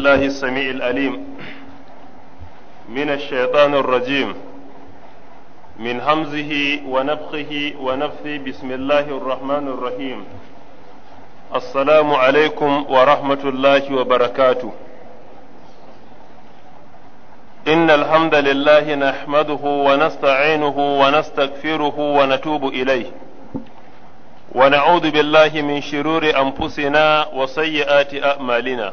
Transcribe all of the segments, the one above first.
الله السميع الأليم من الشيطان الرجيم من همزه ونفخه ونفثه بسم الله الرحمن الرحيم السلام عليكم ورحمة الله وبركاته إن الحمد لله نحمده ونستعينه ونستغفره ونتوب إليه ونعوذ بالله من شرور أنفسنا وسيئات أعمالنا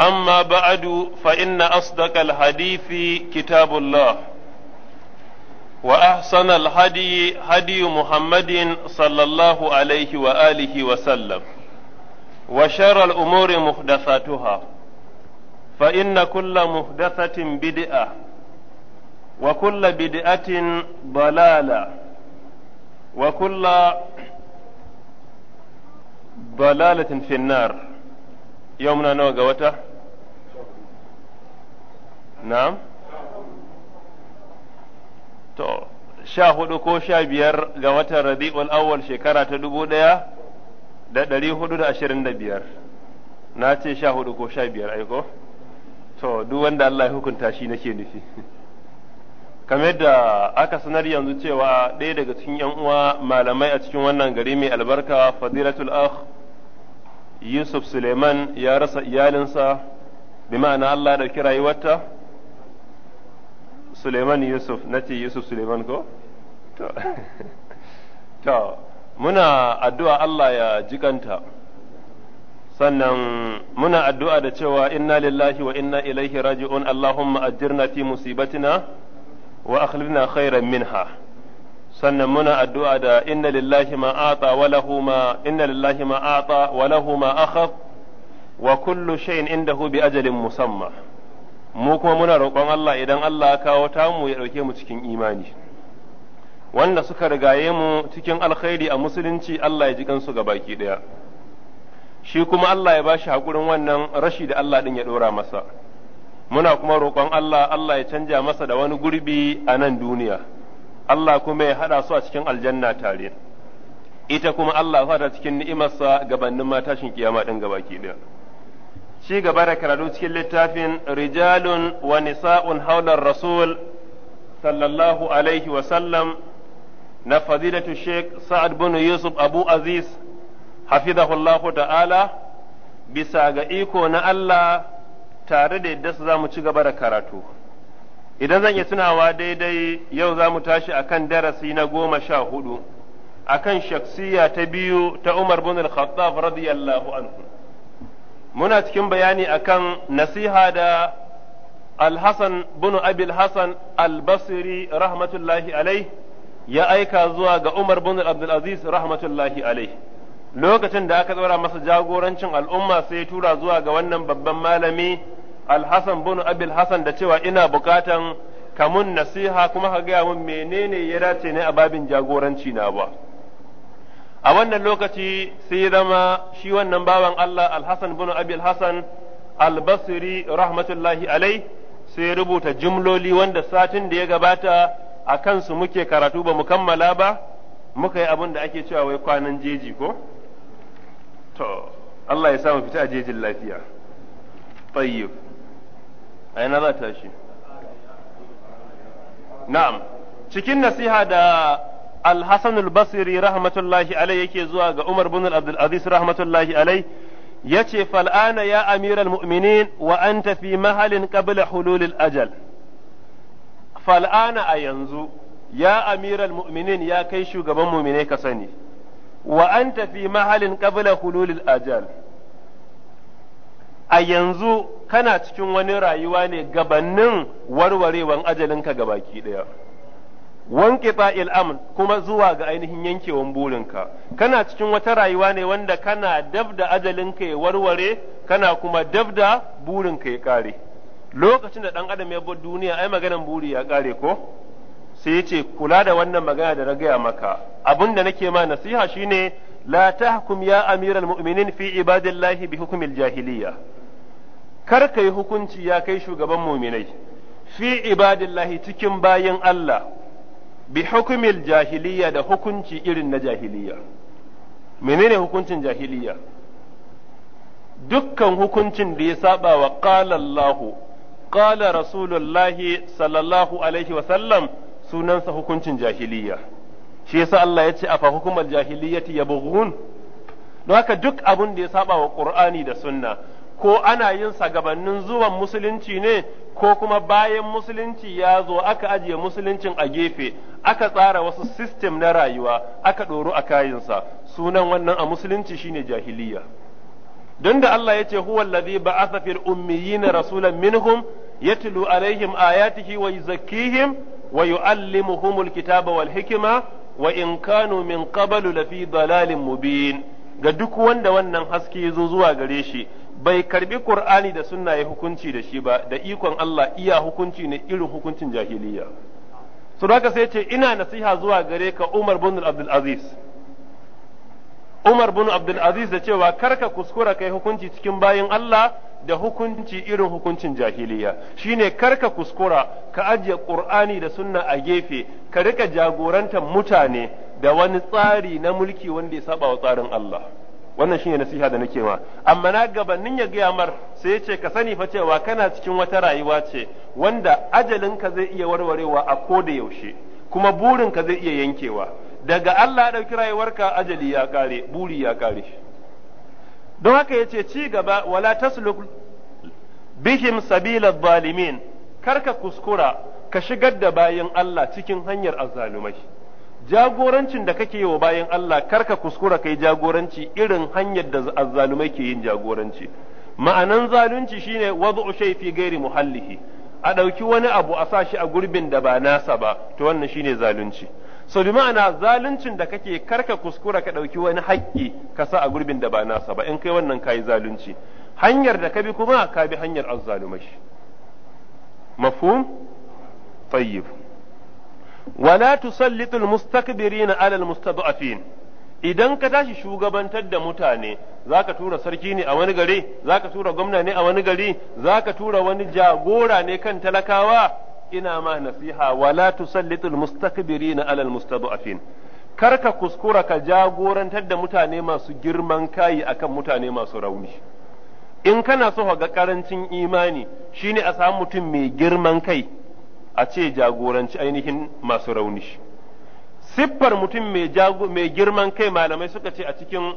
أما بعد فإن أصدق الحديث كتاب الله وأحسن الهدي هدي محمد صلى الله عليه وآله وسلم وشر الأمور محدثاتها فإن كل محدثة بدعة وكل بدعة ضلالة وكل ضلالة في النار yau muna nawa ga wata na'am to sha hudu ko sha biyar ga watan rabi'ul awwal shekara ta dubu ɗaya da ɗari hudu da ashirin da biyar na ce sha hudu ko sha biyar aiko to duk wanda Allah ya hukunta shi nake nufi kamar da aka sanar yanzu cewa ɗaya daga cikin yan uwa malamai a cikin wannan gari mai albarka fadilatul akh Yusuf Suleiman ya rasa iyalinsa bi ma'ana Allah da kira rayuwarta Suleiman Yusuf na ce Yusuf Suleiman ko? To, muna addu'a Allah ya jikanta sannan muna addu'a da cewa inna lillahi wa inna ilaihi raji'un Allahumma ajirna fi musibatina wa akhlifna khairan minha. sannan muna addu'a da inna lillahi ma ata wa lahu ma inna lillahi ma ata wa lahu ma akhaf wa kullu shay'in indahu bi ajalin musamma mu kuma muna roƙon Allah idan Allah ya kawo tamu ya ɗauke mu cikin imani wanda suka rigaye mu cikin alkhairi a musulunci Allah ya ji kansu ga baki ɗaya shi kuma Allah ya bashi hakurin wannan rashi da Allah ɗin ya ɗora masa muna kuma roƙon Allah Allah ya canja masa da wani gurbi a nan duniya Allah kuma ya haɗa su a cikin aljanna tare ita kuma Allah fada cikin ni'imarsa gabanin ma tashin kiyama din gabaki da. ci gaba da karatu cikin littafin rijalun wa nisa'un haular rasul sallallahu alaihi wa sallam na fadilatu sheikh sa'ad bin yusuf abu aziz hafizahullahu ta'ala bisa ga iko na Allah tare da yadda su za mu ci gaba da karatu idan zan yi tunawa daidai yau za mu tashi akan darasi na goma sha hudu akan shaksiya ta biyu ta Umar bin Al-Khattab radiyallahu anhu muna cikin bayani akan nasiha da Al-Hasan bin Abi Al-Hasan rahmatullahi alaihi ya aika zuwa ga Umar bin Abdul rahmatullahi alaihi lokacin da aka tsora masa jagorancin al'umma sai ya tura zuwa ga wannan babban malami alhassan bin abil hassan da cewa ina bukatan mun nasiha kuma ka gaya mun menene ya dace ne a babin jagoranci na ba a wannan lokaci sai ya zama shi wannan bawan Allah alhassan bin abil hassan albasiri rahmatullahi alai sai rubuta jumloli wanda satin da ya gabata a kansu muke karatu ba mu kammala ba muka yi abin da ake cewa wai kwanan jeji ko to Allah ya samu fita a jejin lafiya tayyib a yana za ta shi na'am cikin nasiha da al-hasan al-basri rahmatullahi alai yake zuwa ga umar bin abdul aziz rahmatullahi alai yace fal'ana ya amiral muminin wa anta fi mahalin qabla hululil ajal fal'ana a yanzu ya amiral mu'minin ya kai shugaban mu'minai ka sani wa anta fi mahalin qabla hululil ajal a yanzu kana cikin wani rayuwa ne gabannin warwarewan ajalinka ga baki ɗaya. wanke fa'il amn kuma zuwa ga ainihin yankewan burinka kana cikin wata rayuwa ne wanda kana dab da ajalinka ya warware kana kuma dab da burinka ya kare lokacin da dan adam ya bar duniya ai maganan buri ya kare ko sai ya ce kula da wannan magana da na gaya maka abin da nake ma nasiha shine la tahkum ya amiral mu'minin fi ibadillahi bi hukmil jahiliyya kar ka yi hukunci ya kai shugaban muminai fi ibadillahi cikin bayan Allah bi hukumil jahiliya da hukunci irin na jahiliya menene hukuncin jahiliya dukkan hukuncin da ya saba wa qala Allah qala rasulullahi sallallahu alaihi wa sallam sunansa hukuncin jahiliya shi yasa Allah ya ce afa hukumar jahiliyyati yabghun don haka duk abun da ya saba wa Qur'ani da sunna ko ana yin sa gabanin zuwan musulunci ne ko kuma bayan musulunci ya zo aka ajiye musuluncin a gefe aka tsara wasu system na rayuwa aka ɗoro a kayinsa sunan wannan a musulunci shine jahiliya don da Allah ya ce huwa allazi ba'atha fil ummiyina rasulan minhum yatlu alaihim ayatihi wa yuzakkihim wa yuallimuhumul kitaba wal hikma wa in kanu min qablu lafi dalalin mubin ga duk wanda wannan haske ya zo zuwa gare shi bai karbi Qur'ani da sunna ya hukunci da shi ba da ikon Allah iya hukunci ne irin hukuncin jahiliya su haka sai ce ina nasiha zuwa gare ka Umar bin Abdul Aziz Umar bin Abdul Aziz da cewa karka kuskura kai hukunci cikin bayin Allah da hukunci irin hukuncin jahiliya shine karka kuskura ka ajiye Qur'ani da sunna a gefe ka rika jagorantar mutane da wani tsari na mulki wanda ya saba wa tsarin Allah wannan shine nasiha da nake ma amma na gabanin ya ga mar sai ya ce ka sani fa cewa kana cikin wata rayuwa ce wanda ajalinka zai iya warwarewa a ko da yaushe kuma burinka zai iya yankewa daga Allah ya ɗauki rayuwarka ajali ya kare buri ya kare don haka yace ci gaba wala tasluk bihim sabila zalimin karka kuskura ka shigar da bayan Allah cikin hanyar azzalumai jagorancin da kake yi wa bayan Allah karka kuskura kai jagoranci irin hanyar da azzalumai ke yin jagoranci ma'anan zalunci shine wad'u shay fi ghairi muhallihi a ɗauki wani abu a sa shi a gurbin da ba nasa ba to wannan shine zalunci so bi ma'ana zaluncin da kake karka kuskura ka ɗauki wani haƙƙi ka sa a gurbin da ba nasa ba in kai wannan kayi zalunci hanyar da ka bi kuma ka bi hanyar azzalumai mafhum tayyib wala تسلط المستكبرين alal المستضعفين idan ka tashi shugabantar da mutane zaka tura sarki ne a wani gari zaka tura gwamna ne a wani gari zaka tura wani jagora ne kan talakawa ina ma nasiha wala tusallitul mustakbirina alal almustad'afin kar ka kuskura ka jagorantar da mutane masu girman kayi akan mutane masu rauni in kana so ga karancin imani shine a samu mutum mai girman kai a ce jagoranci ainihin masu rauni siffar mutum mai girman kai malamai suka ce a cikin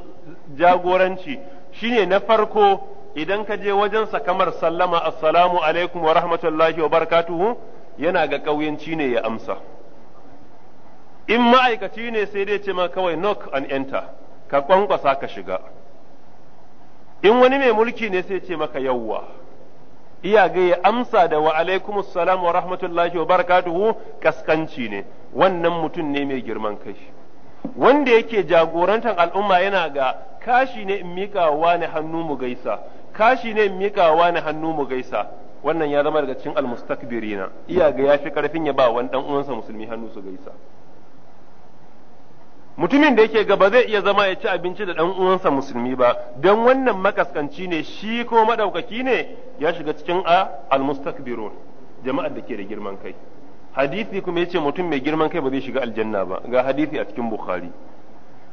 jagoranci shine na farko idan ka je wajensa kamar sallama assalamu alaikum wa rahmatullahi wa barakatuhu yana ga ƙauyenci ne ya amsa in ma'aikaci ne sai dai ce ma kawai knock and enter ka kwankwasa ka shiga in wani mai mulki ne sai ce maka yawwa iya ya amsa da wa alaikumus salam wa rahmatullahi wa barakatuhu kaskanci ne wannan mutum ne mai girman kai wanda yake jagorantar al'umma yana ga kashi ne in wa ne hannu mu gaisa kashi ne in mikawa ne hannu mu gaisa wannan ya zama daga cikin almustakbirina iya ga ya fi karfin ya ba wani dan uwansa musulmi hannu su gaisa mutumin da yake gaba zai iya zama ya ci abinci da ɗan uwansa musulmi ba don wannan makaskanci ne shi ko maɗaukaki ne ya shiga cikin a almustakbirun jama'ar da ke da girman kai hadisi kuma yace mutum mai girman kai ba zai shiga aljanna ba ga hadisi a cikin bukhari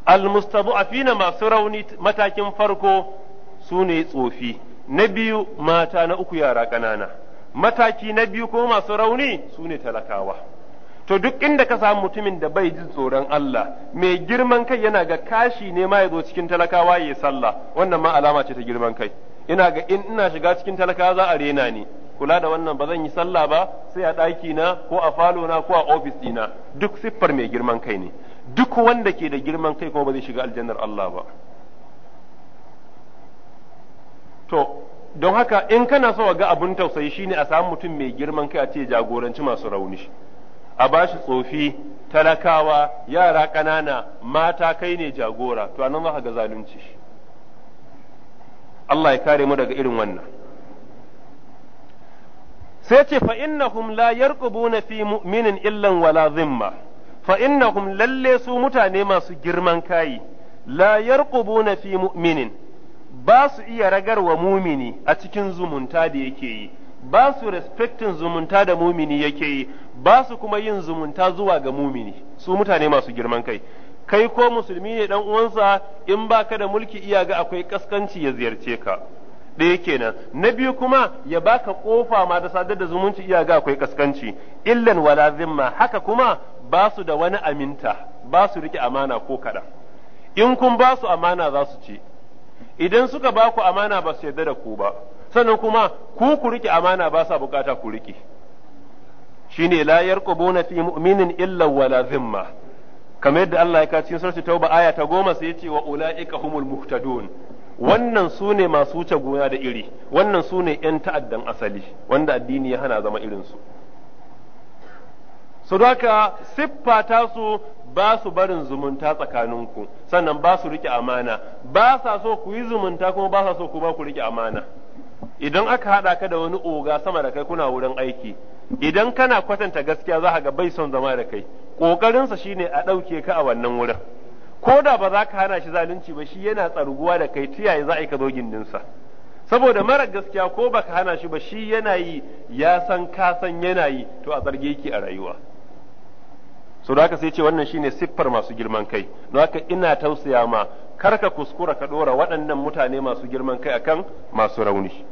almustabu'afina masu rauni matakin farko su ne tsofi na biyu mata na uku yara ƙanana mataki na biyu ko masu rauni su ne talakawa to duk inda ka samu mutumin da bai jin tsoron Allah mai girman kai yana ga kashi ne ma ya zo cikin talakawa ya sallah wannan ma alama ce ta girman kai ina ga in ina shiga cikin talakawa za a rena ni kula da wannan ba zan yi sallah ba sai a ɗaki na ko a falo na ko a ofis ɗina duk siffar mai girman kai ne duk wanda ke da girman kai kuma ba zai shiga aljannar Allah ba to don haka in kana so ga abun tausayi shine a samu mutum mai girman kai a ce jagoranci masu rauni a ba shi tsofi talakawa yara ƙanana mata kai ne jagora to anan za ga zalunci Allah ya kare mu daga irin wannan sai ce fa innahum la yarqubuna fi mu'minin illan wala zimma fa innahum lalle su mutane masu girman kayi, la yarqubuna fi mu'minin ba su iya ragarwa mumini a cikin zumunta da yake yi ba su respectin zumunta da mumini yake yi ba su kuma yin zumunta zuwa ga mumini su mutane masu girman kai kai ko musulmi ne dan uwansa in ba ka da mulki iyaga akwai kaskanci ya ziyarce ka ɗaya kenan na biyu kuma ya baka kofa ma da sadar da zumunci iyaga akwai kaskanci illan wala zimma haka kuma ba su da wani aminta ba su rike amana ko kaɗan in kun ba su amana za su ci idan suka ba ku amana ba su yarda da ku ba sannan kuma ku ku rike amana ba sa bukata ku rike shine la yarqubuna fi mu'minin illa wala zimma kamar yadda Allah ya kace suratul tauba aya ta goma sai yace wa ulaika humul muhtadun wannan su ne masu wuce gona da iri wannan su ne yan ta'addan asali wanda addini ya hana zama irin su su haka siffa ta su ba su barin zumunta tsakaninku sannan ba su rike amana ba sa so ku yi zumunta kuma ba sa so ku ba ku rike amana idan aka haɗa ka da wani oga sama da kai kuna wurin aiki idan kana kwatanta gaskiya za ga bai son zama da kai ƙoƙarinsa shine a ɗauke ka a wannan wurin ko da ba za ka hana shi zalunci ba shi yana tsarguwa da kai tiyaye za a yi ka zo gindinsa saboda mara gaskiya ko ba ka hana shi ba shi yana yi ya san ka san yana yi to a zarge ki a rayuwa so da haka sai ce wannan shine siffar masu girman kai don haka ina tausaya ma kar ka kuskura ka ɗora waɗannan mutane masu girman kai akan masu rauni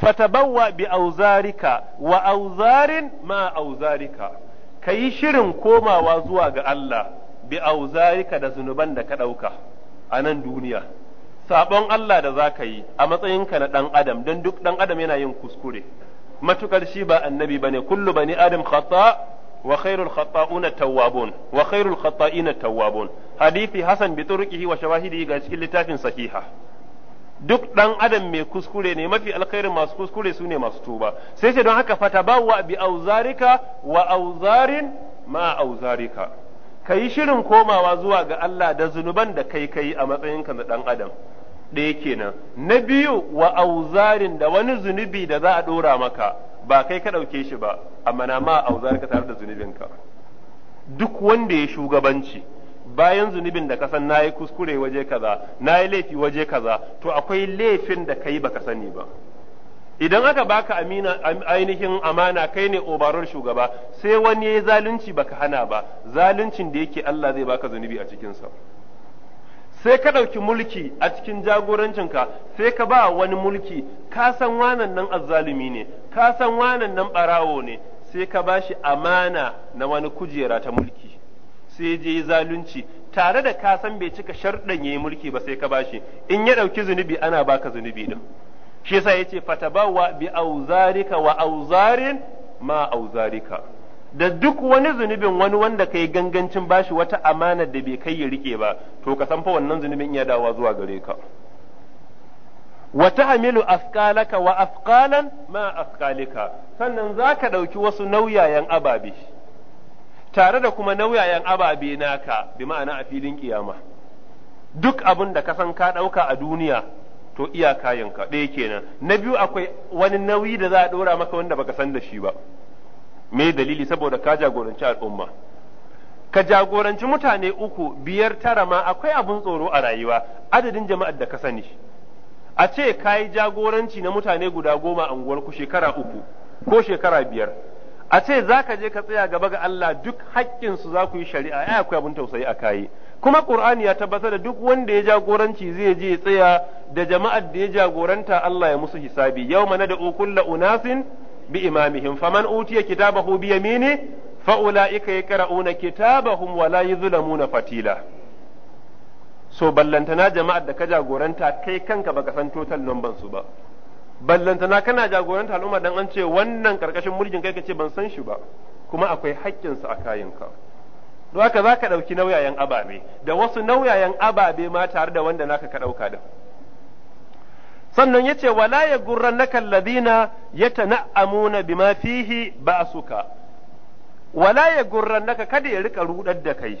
fatabawwa bi auzarika wa auzarin ma auzarika ka yi shirin komawa zuwa ga Allah bi auzarika da zunuban da ka ɗauka a nan duniya sabon Allah da za ka yi a matsayinka na ɗan adam don duk ɗan adam yana yin kuskure matukar shi ba annabi bane kullu bani adam khata wa khairul khata'una tawwabun wa khairul khata'ina tawwabun hadisi hasan bi turqihi wa shawahidihi ga cikin littafin sahiha duk ɗan adam mai kuskure ne mafi alkhairin masu kuskure su ne masu tuba sai ce don haka fata wa bi auzarika wa auzarin ma auzarika ka yi shirin komawa zuwa ga Allah da zunuban da kai kai a matsayinka na ɗan adam ɗaya kenan na biyu wa auzarin da wani zunubi da za a ɗora maka ba kai ka ɗauke shi ba amma na ma auzarika tare da zunubinka duk wanda ya shugabanci bayan zunubin da kasan na yi kuskure waje kaza na yi laifi waje kaza to akwai laifin da kai baka sani ba idan aka baka amina ainihin amana kai ne obarar shugaba sai wani yi zalunci baka hana ba zaluncin da yake Allah zai baka zunubi a cikinsa. sai ka ɗauki mulki a cikin jagorancinka sai ka ba wani mulki ka san wanan nan azzalumi ne ka san wanan nan ɓarawo ne sai ka ba shi amana na wani kujera ta mulki sai je zalunci tare da ka san bai cika sharɗan yayi mulki ba sai ka bashi in ya ɗauki zunubi ana baka zunubi din shi yasa yace fatabawa bi auzarika wa auzarin ma auzarika da duk wani zunubin wani wanda kai gangancin bashi wata amana da bai kai ya rike ba to ka san fa wannan zunubin ya dawa zuwa gare ka wa tahmilu afqalaka wa afqalan ma afqalika sannan zaka ɗauki wasu nauyayen ababi. tare da kuma nauyayen ababe naka bi ma'ana a filin kiyama duk abin da ka san ka ɗauka a duniya to iya kayanka ɗaya kenan na biyu akwai wani nauyi da za a ɗora maka wanda baka san da shi ba me dalili saboda ka jagoranci al'umma ka jagoranci mutane uku biyar tara ma akwai abin tsoro a rayuwa adadin jama'ar da ka sani a ce ka yi jagoranci na mutane guda goma a unguwarku shekara uku ko shekara biyar a ce za ka je ka tsaya gaba ga Allah duk haƙƙinsu za ku yi shari'a ya akwai abin tausayi a kayi kuma Qur'ani ya tabbatar da duk wanda ya jagoranci zai je ya tsaya da jama'ar da ya jagoranta Allah ya musu hisabi yawma nad'u kullu unasin bi imamihim faman utiya kitabahu bi yamini fa ulaika yaqra'una kitabahum wa la yuzlamuna fatila so ballantana jama'ar da ka jagoranta kai kanka baka san total number su ba ballantana kana jagoranta al'umma dan an ce wannan karkashin mulkin kai kace ban san shi ba kuma akwai haƙƙinsa a kayanka don haka za ka ɗauki nauyayen ababe da wasu nauyayen ababe ma tare da wanda naka ka ɗauka da sannan ya ce wala ya gurran na kalladina ya tana'amuna bima fihi ba suka wala ya gurran naka kada ya rika rudar da kai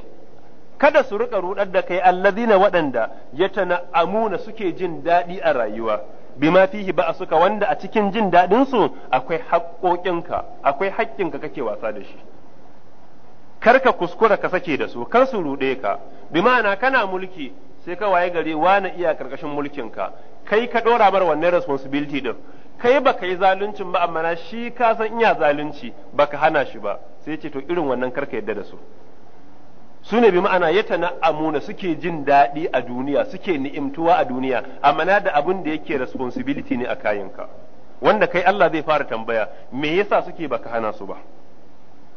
kada su rika rudar da kai alladina waɗanda ya tana'amuna suke jin daɗi a rayuwa bima fihi ba suka wanda a cikin jin daɗin su akwai haƙoƙinka akwai haƙƙinka kake wasa da shi kar ka kuskura ka sake da su kar su ruɗe ka bi na kana mulki sai ka waye gari wani iya karkashin mulkin ka kai ka ɗora mar wannan responsibility din kai ba ka yi zaluncin ba amma shi ka san iya zalunci baka hana shi ba sai ce to irin wannan kar ka yadda da su su ne bi ma'ana ya amuna suke jin daɗi a duniya suke ni'imtuwa a duniya amma na da abin da yake responsibility ne a kayanka wanda kai Allah zai fara tambaya me yasa suke baka hana su ba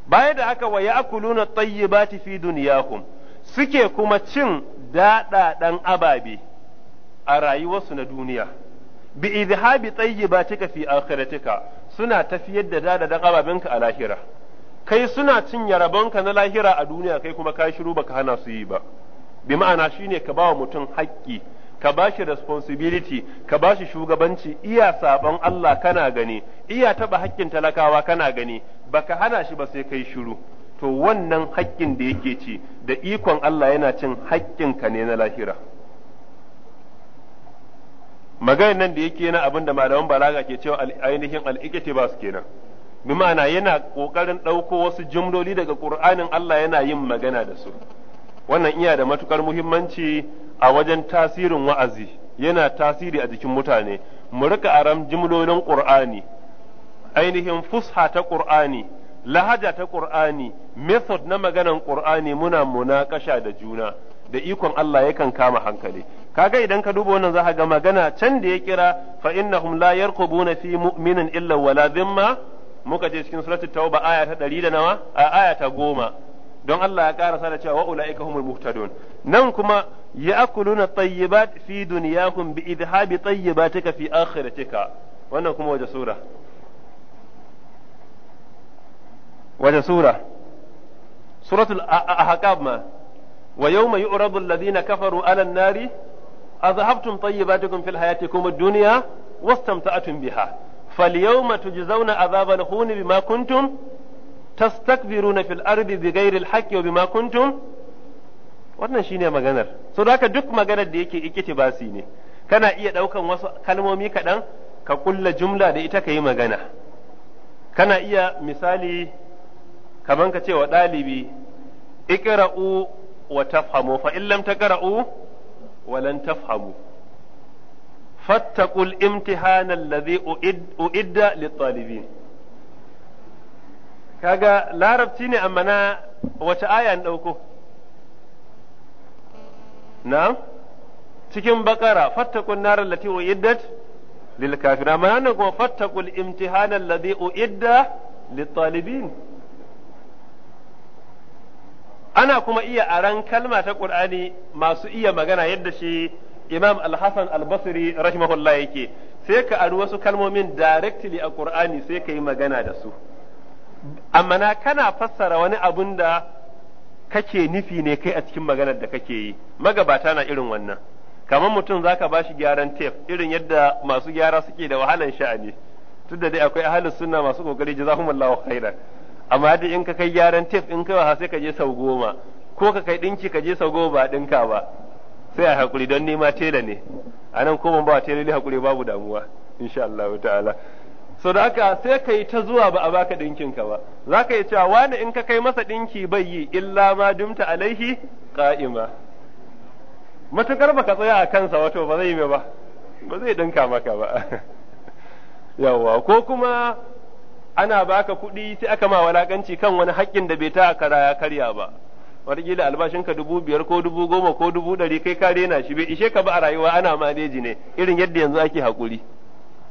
baya da haka wa ya'kuluna tayyibati fi dunyakum suke kuma cin daɗaɗan ababe a rayuwarsu na duniya bi idhabi tayyibatika fi akhiratika suna tafiyar da daɗaɗan ababenka a lahira kai suna cinye ka na lahira a duniya kai kuma ka shiru baka hana su yi ba bi ma'ana shine ka bawa mutum haƙƙi ka ba shi responsibility ka ba shi shugabanci iya sabon Allah kana gani iya taba haƙƙin talakawa kana gani baka hana shi ba sai kai shiru to wannan haƙƙin da yake ci da ikon Allah yana cin haƙƙin ka ne na lahira maganar nan da yake na abin da malaman balaga ke cewa ainihin ba su kenan bi yana kokarin ɗauko wasu jumloli daga Qur'anin Allah yana yin magana da su wannan iya da matukar muhimmanci a wajen tasirin wa'azi yana tasiri a jikin mutane mu rika aram jumlolin Qur'ani ainihin fusha ta Qur'ani lahaja ta Qur'ani method na maganar Qur'ani muna muna, ƙasha da juna da ikon Allah yakan kama hankali kaga idan ka duba wannan zaka ga magana can da ya kira fa innahum la yarqubuna fi mu'minin illa wala dhimma muka je cikin suratul tauba aya ta ɗari da nawa a aya ta goma don Allah ya ƙara sada cewa wa ulaika humul muhtadun nan kuma ya ya'kuluna tayyibat fi dunyahum bi idhabi tayyibatika fi akhiratika wannan kuma waje sura waje sura suratul ahqab ma wa yawma yu'radu alladhina kafaru ala an-nari أذهبتم طيباتكم في الحياة الدنيا واستمتعتم biha. فاليوم تجزون عذاب الهون بما كنتم tastakbiruna fil ardi bighairi alhaqqi wa bima wannan shine maganar so haka duk maganar da yake iktibasi ne kana iya daukan wasu kalmomi kaɗan ka kulla jumla da ita ka yi magana kana iya misali kaman ka ce wa ɗalibi iqra'u wa tafhamu fa lam taqra'u wa lan tafhamu fattaqul imtihana allazi uidda lit-talibin kaga larabci ne amma na wace aya an dauko na'am cikin bakara fattaqun nar allati uiddat lil kafira amma nan kuma fattaqul imtihana allazi uidda lit-talibin ana kuma iya aran kalma ta qur'ani masu iya magana yadda shi imam al-hasan al-basri rahimahullah yake sai ka ari wasu kalmomin directly a qur'ani sai ka yi magana da su amma na kana fassara wani abun da kake nufi ne kai a cikin maganar da kake yi magabata na irin wannan kamar mutum zaka bashi gyaran tef irin yadda masu gyara suke da wahalan sha'ani tunda dai akwai ahalin sunna masu kokari jazakumullahu khairan amma dai in ka kai gyaran tef in kai wasa sai ka je sau goma ko ka kai dinki ka je sau goma ba dinka ba sai a hakuri don nema tela ne a nan ba a tela ne hakuri babu damuwa insha Allah ta'ala so da aka sai ka yi ta zuwa ba a baka ɗinkin ka ba za ka yi cewa wani in ka kai masa ɗinki bai yi illa ma dumta alaihi qa'ima matukar baka tsaya a kansa wato ba zai yi ba ba zai ɗinka maka ba yawwa ko kuma ana baka kuɗi sai aka ma walakanci kan wani haƙƙin da bai ta ya karya ba wataƙila albashinka dubu biyar ko dubu goma ko dubu ɗari kai ka daina shi bai ishe ka ba a rayuwa ana maneji ne irin yadda yanzu ake haƙuri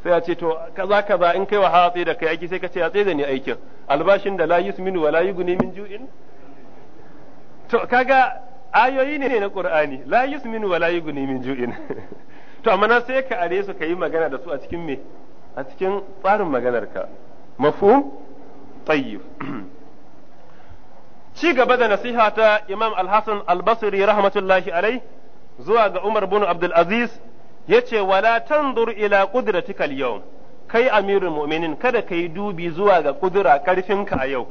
sai a ce to kaza kaza in kai wa hatsi da kai aiki sai ka ce hatsi da ni aikin albashin da la yusminu wa la yughni min ju'in to kaga ayoyi ne na qur'ani la yusminu wa la yughni min ju'in to amma sai ka are su kai magana da su a cikin me a cikin tsarin maganar ka mafhum tayyib ci gaba da nasiha ta Imam Al-Hasan Al-Basri rahmatullahi alai zuwa ga Umar bin Abdul Aziz yace wala tanzur ila qudratika al-yawm kai amirul mu'minin kada kai dubi zuwa ga kudura karfinka a yau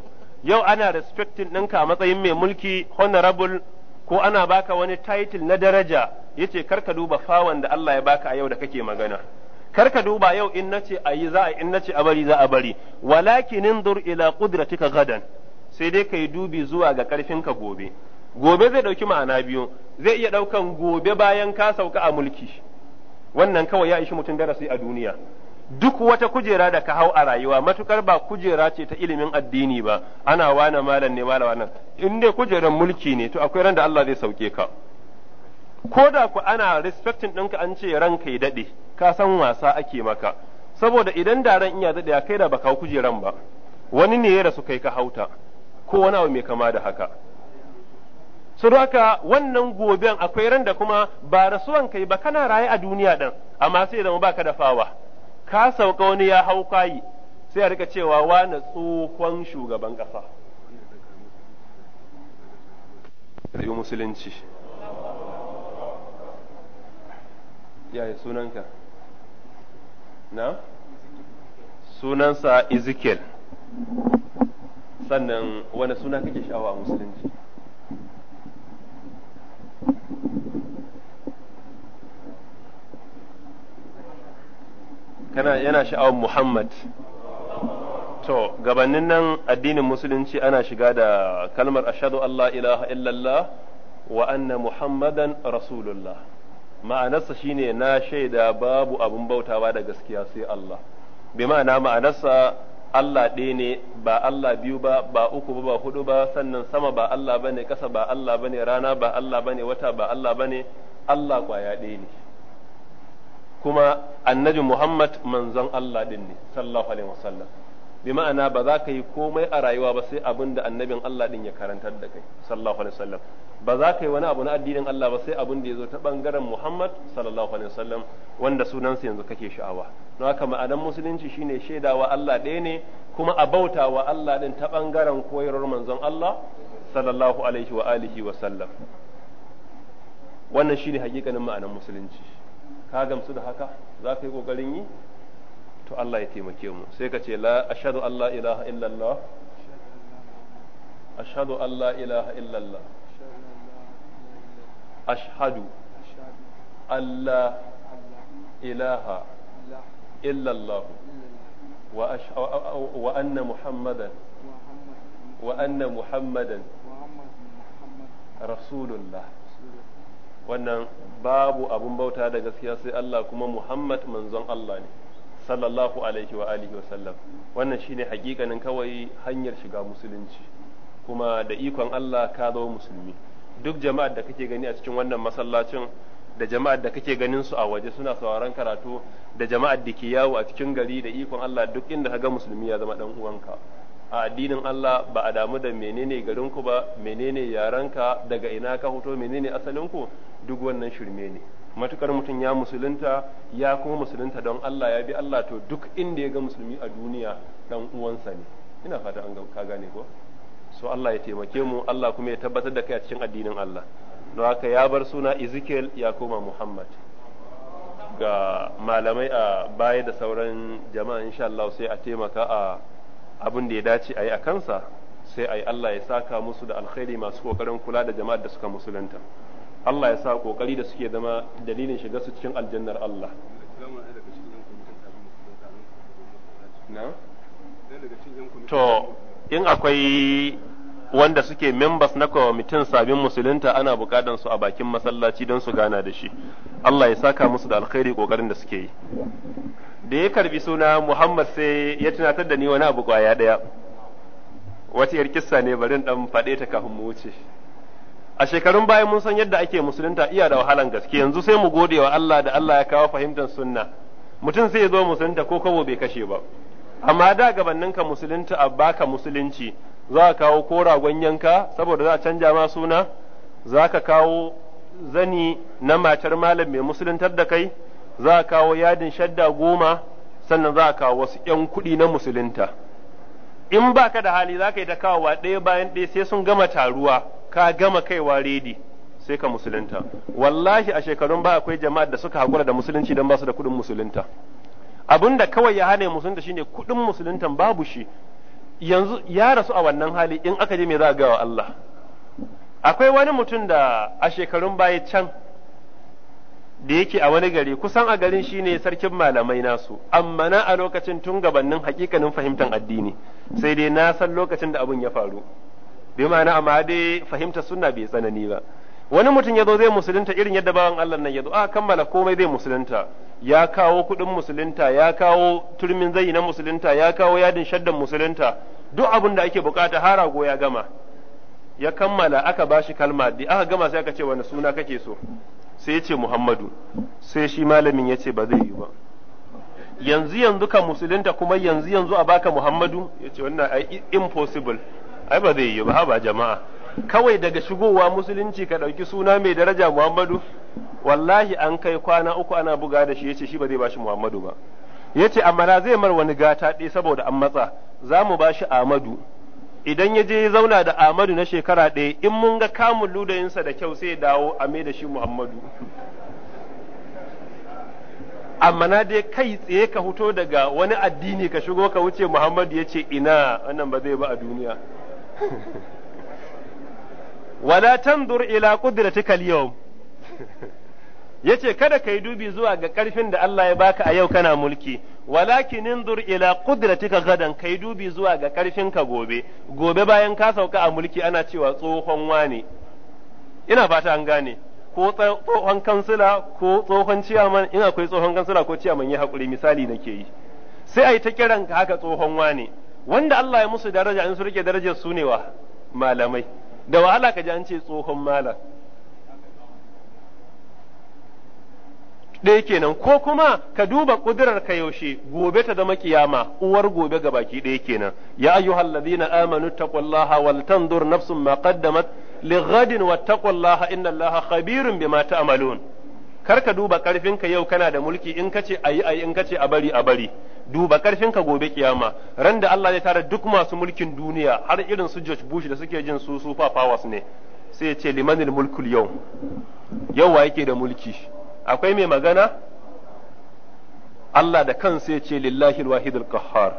yau ana respecting ɗinka a matsayin mai mulki honorable ko ana baka wani title na daraja yace karka duba fawan da Allah ya baka a yau da kake magana karka duba yau in nace a yi za a in nace a bari za a bari walakin indur ila qudratika gadan sai dai ka yi dubi zuwa ga ƙarfinka gobe gobe zai ɗauki ma'ana biyu zai iya ɗaukan gobe bayan ka sauka a mulki wannan kawai ya ishi mutum darasi a duniya duk wata kujera da ka hau a rayuwa matukar ba kujera ce ta ilimin addini ba ana wane malam ne malam wannan in dai kujeran mulki ne to akwai ran da Allah zai sauke ka ko da ku ana respecting ɗinka an ce ran ya daɗe ka san wasa ake maka saboda idan da ran iya daɗe kai da baka kujeran ba wani ne ya rasu kai ka hauta ko wani abu mai kama da haka su haka wannan goben akwai ran da kuma ba rasuwan kai ba kana raye a duniya ɗin amma sai zama baka da fawa ka sauka wani ya hau kwayi sai a rika cewa wani tsohon shugaban ƙasa musulunci yaya sunanka na sunansa Ezekiel sannan wani suna kake sha'awa a musulunci kana yana sha'awar muhammad to gabanin nan addinin musulunci ana shiga da kalmar ashadu allah ilaha illallah wa anna muhammadan rasulullah ma'anarsa shine na shaida babu abin bautawa da gaskiya sai allah bi ma'ana ma'anarsa Allah ɗaya ne ba Allah biyu ba ba uku ba ba hudu ba sannan sama ba Allah bane ƙasa ba Allah bane rana ba Allah bane wata ba Allah bane Allah kwaya ɗaya ne kuma annabi Muhammad manzon Allah ɗin ne sallallahu alaihi wasallam bi ma'ana ba za ka yi komai a rayuwa ba sai abin da annabin Allah din ya karantar da kai sallallahu alaihi wasallam ba za ka yi wani abu na addinin Allah ba sai abin da ya zo ta bangaren Muhammad sallallahu alaihi wasallam wanda sunansa yanzu kake sha'awa don haka ma'anan musulunci shine shaidawa Allah ɗaya ne kuma a bautawa Allah din ta bangaren koyarwar manzon Allah sallallahu alaihi wa alihi wa sallam wannan shine hakikanin ma'anan musulunci ka gamsu da haka za ka yi kokarin yi to Allah ya taimake mu sai ka ce la ashhadu an ilaha illallah ashadu Allah ilaha illallah ashadu Allah ilaha illallah wa anna muhammadan wa anna muhammadan rasulullah wannan babu abun bauta da gaskiya sai Allah kuma muhammad manzon Allah ne sallallahu alaihi wa alihi wa sallam wannan shine hakikanin kawai hanyar shiga musulunci kuma da ikon Allah ka zo musulmi duk jama'ar da kake gani a cikin wannan masallacin da jama'ar da kake ganin su a waje suna sauraron karatu da jama'ar da ke yawo a cikin gari da ikon Allah duk inda ka ga musulmi ya zama dan uwanka a addinin Allah ba a damu da menene garin ku ba menene yarenka daga ina ka hoto menene asalin ku duk wannan shirme ne matukar mutum ya musulunta ya kuma musulunta don Allah ya bi Allah to duk inda ya ga musulmi a duniya dan uwansa ne ina fata an ka gane ko so Allah ya taimake mu Allah kuma ya tabbatar da kai a cikin addinin Allah don haka ya bar suna Ezekiel ya koma Muhammad ga malamai a baya da sauran jama'a insha Allah sai a taimaka a abin da ya dace ayi yi a kansa sai a yi Allah ya saka musu da alkhairi masu kokarin kula da jama'ar da suka musulunta Allah ya sa kokari da suke zama dalilin shiga su cikin aljannar Allah to in akwai wanda suke members na kwamitin sabin musulunta ana bukatar su a bakin masallaci don su gana da shi Allah ya saka musu da alkhairi kokarin da suke yi da ya karbi suna Muhammad sai ya tunatar da ni wani abu kwaya daya wata yar kissa ne barin dan faɗe ta kafin mu wuce a shekarun baya mun san yadda ake musulunta iya da wahalan gaske yanzu sai mu gode wa Allah da Allah ya kawo fahimtar sunna mutum sai ya zo musulunta ko kawo bai kashe ba amma da gabanin ka musulunta a baka musulunci za ka kawo ko ragon yanka saboda za a canja ma suna za ka kawo zani na matar malam mai musuluntar da kai za ka kawo yadin shadda goma sannan za ka kawo wasu 'yan kuɗi na musulunta in baka da hali za ka yi ta kawo ɗaya bayan ɗaya sai sun gama taruwa ka gama kaiwa redi sai ka musulunta wallahi a shekarun ba akwai jama'ar da suka hakura da musulunci don ba su da kuɗin musulunta abinda kawai ya hana musulunta shine kuɗin musuluntan babu shi yanzu ya rasu a wannan hali in aka je me za a gawa Allah akwai wani mutum da a shekarun baya can da yake a wani gari kusan a garin shine sarkin malamai nasu amma na a lokacin tun gabannin hakikanin fahimtar addini sai dai na san lokacin da abun ya faru bi ma'ana amma dai fahimta sunna bai tsanani ba wani mutum ya zo zai musulunta irin yadda bawan Allah nan ya zo a kammala komai zai musulunta ya kawo kudin musulunta ya kawo turmin zai na musulunta ya kawo yadin shaddan musulunta duk abin da ake bukata har ago ya gama ya kammala aka bashi kalma da aka gama sai aka ce wani suna kake so sai ya ce Muhammadu sai shi malamin ya ce ba zai yi ba yanzu yanzu ka musulunta kuma yanzu yanzu a baka Muhammadu ya ce wannan impossible ai ba zai yi ba ba jama'a kawai daga shigowa musulunci ka ɗauki suna mai daraja Muhammadu wallahi an kai kwana uku ana buga da shi yace shi ba zai bashi Muhammadu ba yace amma na zai mar wani gata ɗaya saboda an matsa za mu bashi Ahmadu idan ya je ya zauna da Ahmadu na shekara ɗaya in mun ga kamun ludayinsa da kyau sai dawo a mai da shi Muhammadu amma na dai kai tsaye ka fito daga wani addini ka shigo ka wuce Muhammadu yace ina wannan ba zai ba a duniya wala tandur ila qudratika al yace kada kai dubi zuwa ga karfin da Allah ya baka a yau kana mulki walakin indur ila qudratika gadan kai dubi zuwa ga karfin ka gobe gobe bayan ka sauka a mulki ana cewa tsohon wani ina fata an gane ko tsohon kansila ko tsohon ciyaman ina akwai tsohon kansila ko ciyaman ya hakuri misali nake yi sai a yi ta kiran ka haka tsohon wane wanda Allah ya musu daraja in su rike darajar su ne wa malamai da wahala ka ji an ce tsohon malam ɗaya kenan ko kuma ka duba ƙudurar ka yaushe gobe ta zama kiyama uwar gobe ga baki ɗaya kenan ya ayyuhal ladina amanu Taqwallaha wal tanzur nafsun ma qaddamat li ghadin wattaqullaha inna allaha khabirun bima ta'malun kar ka duba karfinka yau kana da mulki in kace ayi ayi in kace a bari a bari duba karfinka gobe kiyama ran da Allah ya tara duk masu mulkin duniya har irin su George Bush da suke jin su super powers ne sai ya ce limanil mulkul yau yau wa yake da mulki akwai mai magana Allah da kansa ya ce lillahi alwahidul qahhar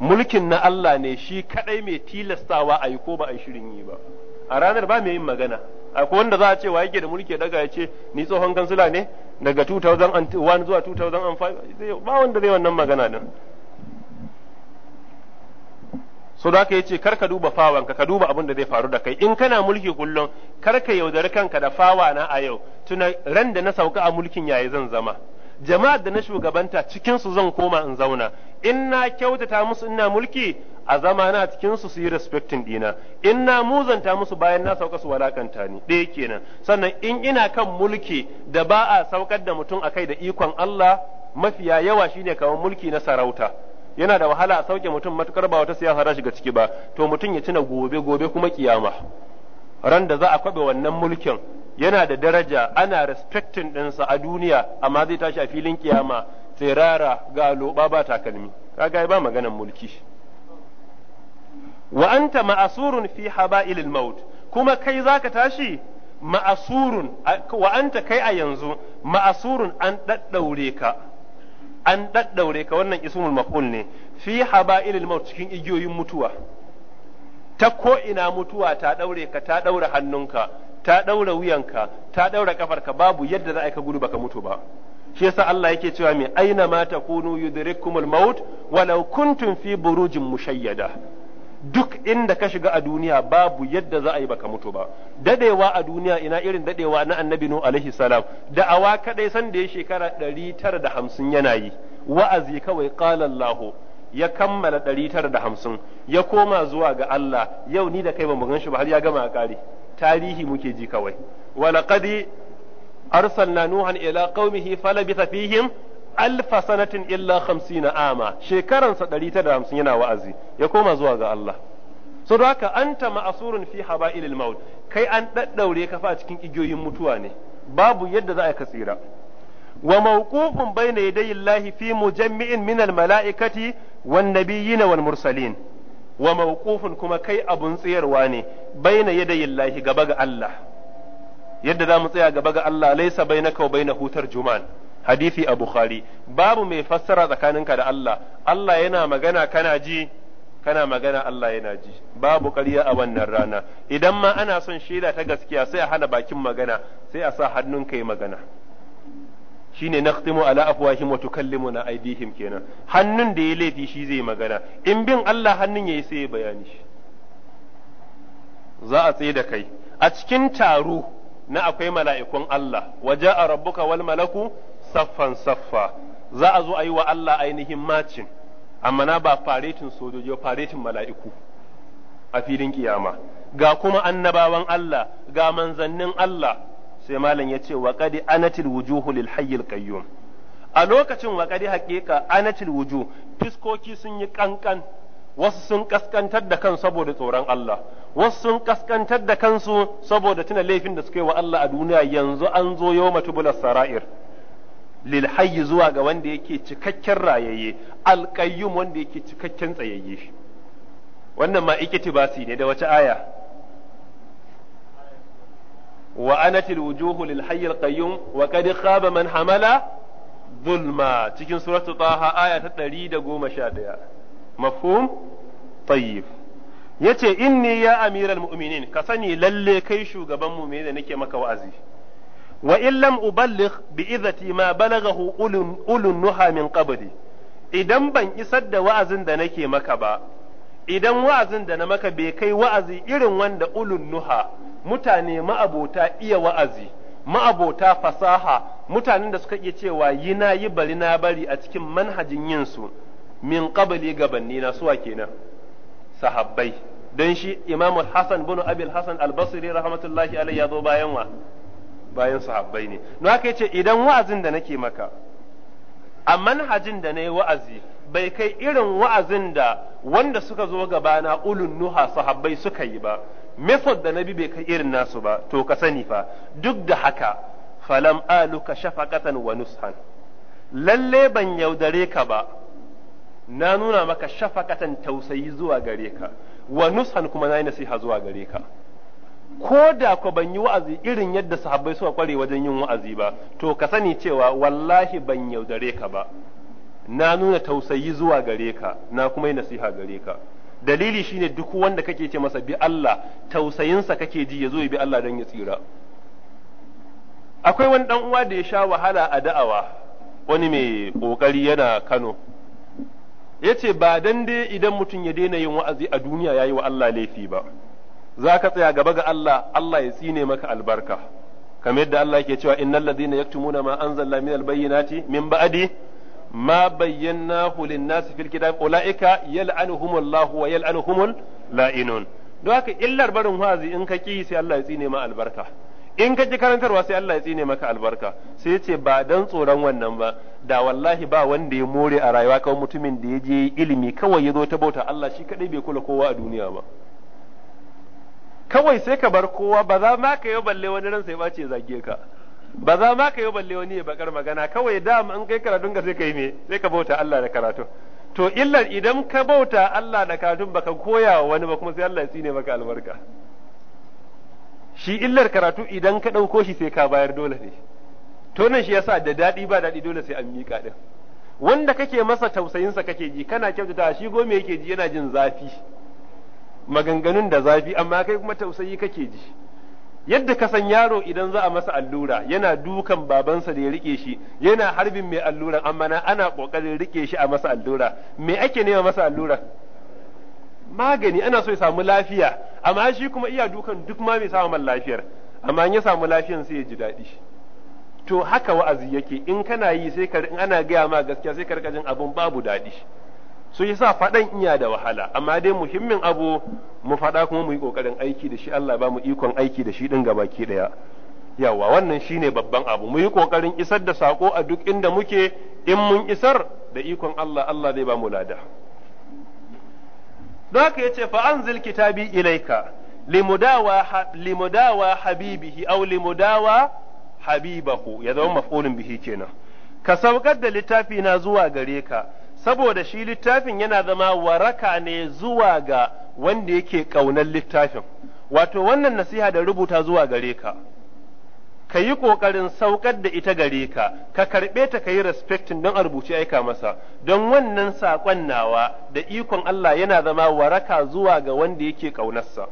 mulkin na Allah ne shi kadai mai tilastawa ayi ko ba ayi shirin yi ba a ranar ba mai yin magana akwai wanda za a ce wa yake da mulki daga ya ce ni tsohon kansila ne daga 2001 zuwa 2005 ba wanda zai wannan magana din so da ka yace kar ka duba fawanka ka duba abin da zai faru da kai in kana mulki kullum kar ka yaudari kanka da fawa na a yau tuna ran da na sauka a mulkin yayi zan zama jama'ar da na shugabanta cikin su zan koma in zauna in na kyautata musu ina mulki a zama na cikin su su yi respecting dina in na muzanta musu bayan na sauka su walakanta ni ɗaya kenan sannan in ina kan mulki da ba a saukar da mutum akai da ikon Allah mafiya yawa shine kamar mulki na sarauta yana da wahala a sauke mutum matukar ba wata siyasa ta shiga ciki ba to mutum ya tuna gobe gobe kuma kiyama ran da za a kwabe wannan mulkin yana da daraja ana respecting ɗinsa a duniya amma zai tashi a filin kiyama tsirara ga loba ba takalmi kaga ba maganan mulki wa anta ma'asurun fi haba'ilil maut kuma kai zaka tashi ma'asurun wa anta kai a yanzu ma'asurun an daddaure ka an daddaure ka wannan ismul maf'ul ne fi haba'ilil maut cikin igiyoyin mutuwa ta ko ina mutuwa ta daure ka ta daure hannunka ta daura wuyanka ta daura kafarka babu yadda za a yi ka gudu baka mutu ba shi yasa Allah yake cewa mai aina ma kunu yudrikumul maut walau kuntum fi burujin mushayyada duk inda ka shiga a duniya babu yadda za a yi baka mutu ba dadewa a duniya ina irin dadewa na annabi nuhu alaihi salam da awa kadai san da ya shekara 950 yana yi wa'azi kawai qala Allah ya kammala 950 ya koma zuwa ga Allah yau ni da kai ba mu shi ba har ya gama a kare tarihi muke ji kawai wa laqad arsalna nuhan ila qaumihi falabitha fihim alf sanatin illa 50 ama shekaransa 150 yana wa'azi ya koma zuwa ga Allah so don haka anta ma'asurun fi haba'ilil maut kai an daddaure ka fa cikin igiyoyin mutuwa ne babu yadda za a ka tsira wa mawqufun bayna yadayillahi fi mujammi'in min al mala'ikati wan nabiyyin wal mursalin wa mawqufun kuma kai abun tsayarwa ne baina yadayillahi gaba ga Allah yadda za mu tsaya gaba ga Allah laisa bainaka wa baina hutar juman hadisi a bukhari babu mai fassara tsakaninka da Allah Allah yana magana kana ji kana magana Allah yana ji babu ƙarya a wannan rana idan ma ana son shaida ta gaskiya sai a hana bakin magana sai a sa hannun kai magana shine naqtimu ala afwahim wa tukallimuna aydihim kenan hannun da ya laifi shi zai magana in bin Allah hannun yayi sai ya bayani shi za a tsaye da kai a cikin taro na akwai mala'ikun Allah waje a rabbuka wal malaku saffan saffa za a zo a yi wa Allah ainihin macin amma na ba faretin sojoji ba faretin mala'iku a filin kiyama ga kuma annabawan Allah ga manzannin Allah sai malam ya ce wa anatil wujuhu lil hayyil qayyum a lokacin wa haƙiƙa haqiqa anatil wuju fiskoki sun yi kankan wasu sun kaskantar da kansu saboda tsoron Allah wasu sun kaskantar da kansu saboda tuna laifin da suka yi wa Allah a duniya yanzu an zo yau matubular sara'ir lil hayyi zuwa ga wanda yake cikakken rayayye qayyum wanda yake cikakken tsayayye wannan ma ikitibasi ne da wace aya wa wujuhu lil hayyil qayyum wa qad khaba man hamala zulma cikin suratul taha aya ta 111 mafhum tayyib yace inni ya amiral mu'minin ka sani lalle kai shugaban mu'mini da nake maka wa'azi wa in lam uballigh bi idzati ma balaghahu ulun nuha min qabli idan ban isar da wa'azin da nake maka ba idan wa'azin da na maka bai kai wa'azi irin wanda ulun nuha mutane ma'abota iya wa'azi ma'abota fasaha mutanen da suka iya cewa yi na yi bari na bari a cikin manhajin yinsu min qabli gabanni na suwa kenan sahabbai don shi imamu hasan bin abil hasan al-basri rahmatullahi alayhi ya zo bayan wa bayan sahabbai ne don haka yace idan wa'azin da nake maka a manhajin da nayi wa'azi bai kai irin wa'azin da wanda suka zo gabana ulun nuha sahabbai suka yi ba method da nabi bai kai irin nasu ba to ka sani fa duk da haka falam aluka shafaqatan wa nushan lalle ban yaudare ka ba na nuna maka shafaqatan tausayi zuwa gare ka wa nushan kuma nayi nasiha zuwa gare ka ko da ku ban yi wa'azi irin yadda sahabbai suka kware wajen yin wa'azi ba to ka sani cewa wallahi ban yaudare ka ba na nuna tausayi zuwa gare ka na kuma yi nasiha gare ka dalili shine duk wanda kake ce masa bi Allah tausayinsa kake ji ya zo ya bi Allah don ya tsira akwai wani dan uwa da ya sha wahala a da'awa wani mai kokari yana Kano ya ce ba dan dai idan mutum ya daina yin wa'azi a duniya yayi wa Allah laifi ba za ka tsaya gaba ga Allah Allah ya tsine maka albarka kamar yadda Allah ke cewa innal ladina yaktumuna ma anzalna min ce, min ba'di ma bayyanahu lin-nasi fil kitab ulaika yal'anuhumullahu wa la'inun don haka illar barin wazi in ka ki sai Allah ya tsine ma albarka in ka ji karantarwa sai Allah ya tsine maka albarka sai ce ba dan tsoron wannan ba da wallahi ba wanda ya more a rayuwa kawai mutumin da ya je ilimi kawai ya zo ta bauta Allah shi kaɗai bai kula kowa a duniya ba kawai sai ka bar kowa ba za ma ka yi balle wani ran sai ba ce zage ka ba za ma ka yi balle wani ya bakar magana kawai da in kai karatun ka sai kai me sai ka bauta Allah da karatu to illar idan ka bauta Allah da karatun baka koya wani ba kuma sai Allah ya tsine maka albarka shi illar karatu idan ka ɗauko shi sai ka bayar dole ne to nan shi yasa da daɗi ba daɗi dole sai an miƙa ɗin wanda kake masa tausayinsa kake ji kana kyautata shi gome yake ji yana jin zafi maganganun da zafi amma kai kuma tausayi kake ji yadda ka san yaro idan za a masa allura yana dukan babansa da ya rike shi yana harbin mai allura amma na ana kokarin rike shi a masa allura me ake nema masa allura magani ana so ya samu lafiya amma shi kuma iya dukan duk ma mai samu man lafiyar amma ya samu lafiyan sai ya ji daɗi to haka wa'azi yake in kana yi sai ka in ana gaya ma gaskiya sai ka rika jin abun babu daɗi su yasa faɗan iya da wahala amma dai muhimmin abu mu faɗa kuma mu yi ƙoƙarin aiki da shi Allah ba mu ikon aiki da shi ɗin gabaki ɗaya yawa wannan shine babban abu mu yi ƙoƙarin isar da saƙo a duk inda muke in mun isar da ikon Allah Allah zai ba mu lada Zaka ya ce fa'anzil kitabi ilaika limudawa limudawa habibihi aw limudawa habibahu ya zama maf'ulun bihi kenan ka saukar da littafi na zuwa gare ka saboda shi littafin yana zama waraka ne zuwa ga wanda yake kaunar littafin wato wannan nasiha da rubuta zuwa gare ka ka yi ƙoƙarin saukar da ita gare ka ka karɓe ta ka yi respectin don a rubuci aika masa don wannan saƙon nawa da ikon Allah yana zama waraka zuwa ga wanda yake ƙaunarsa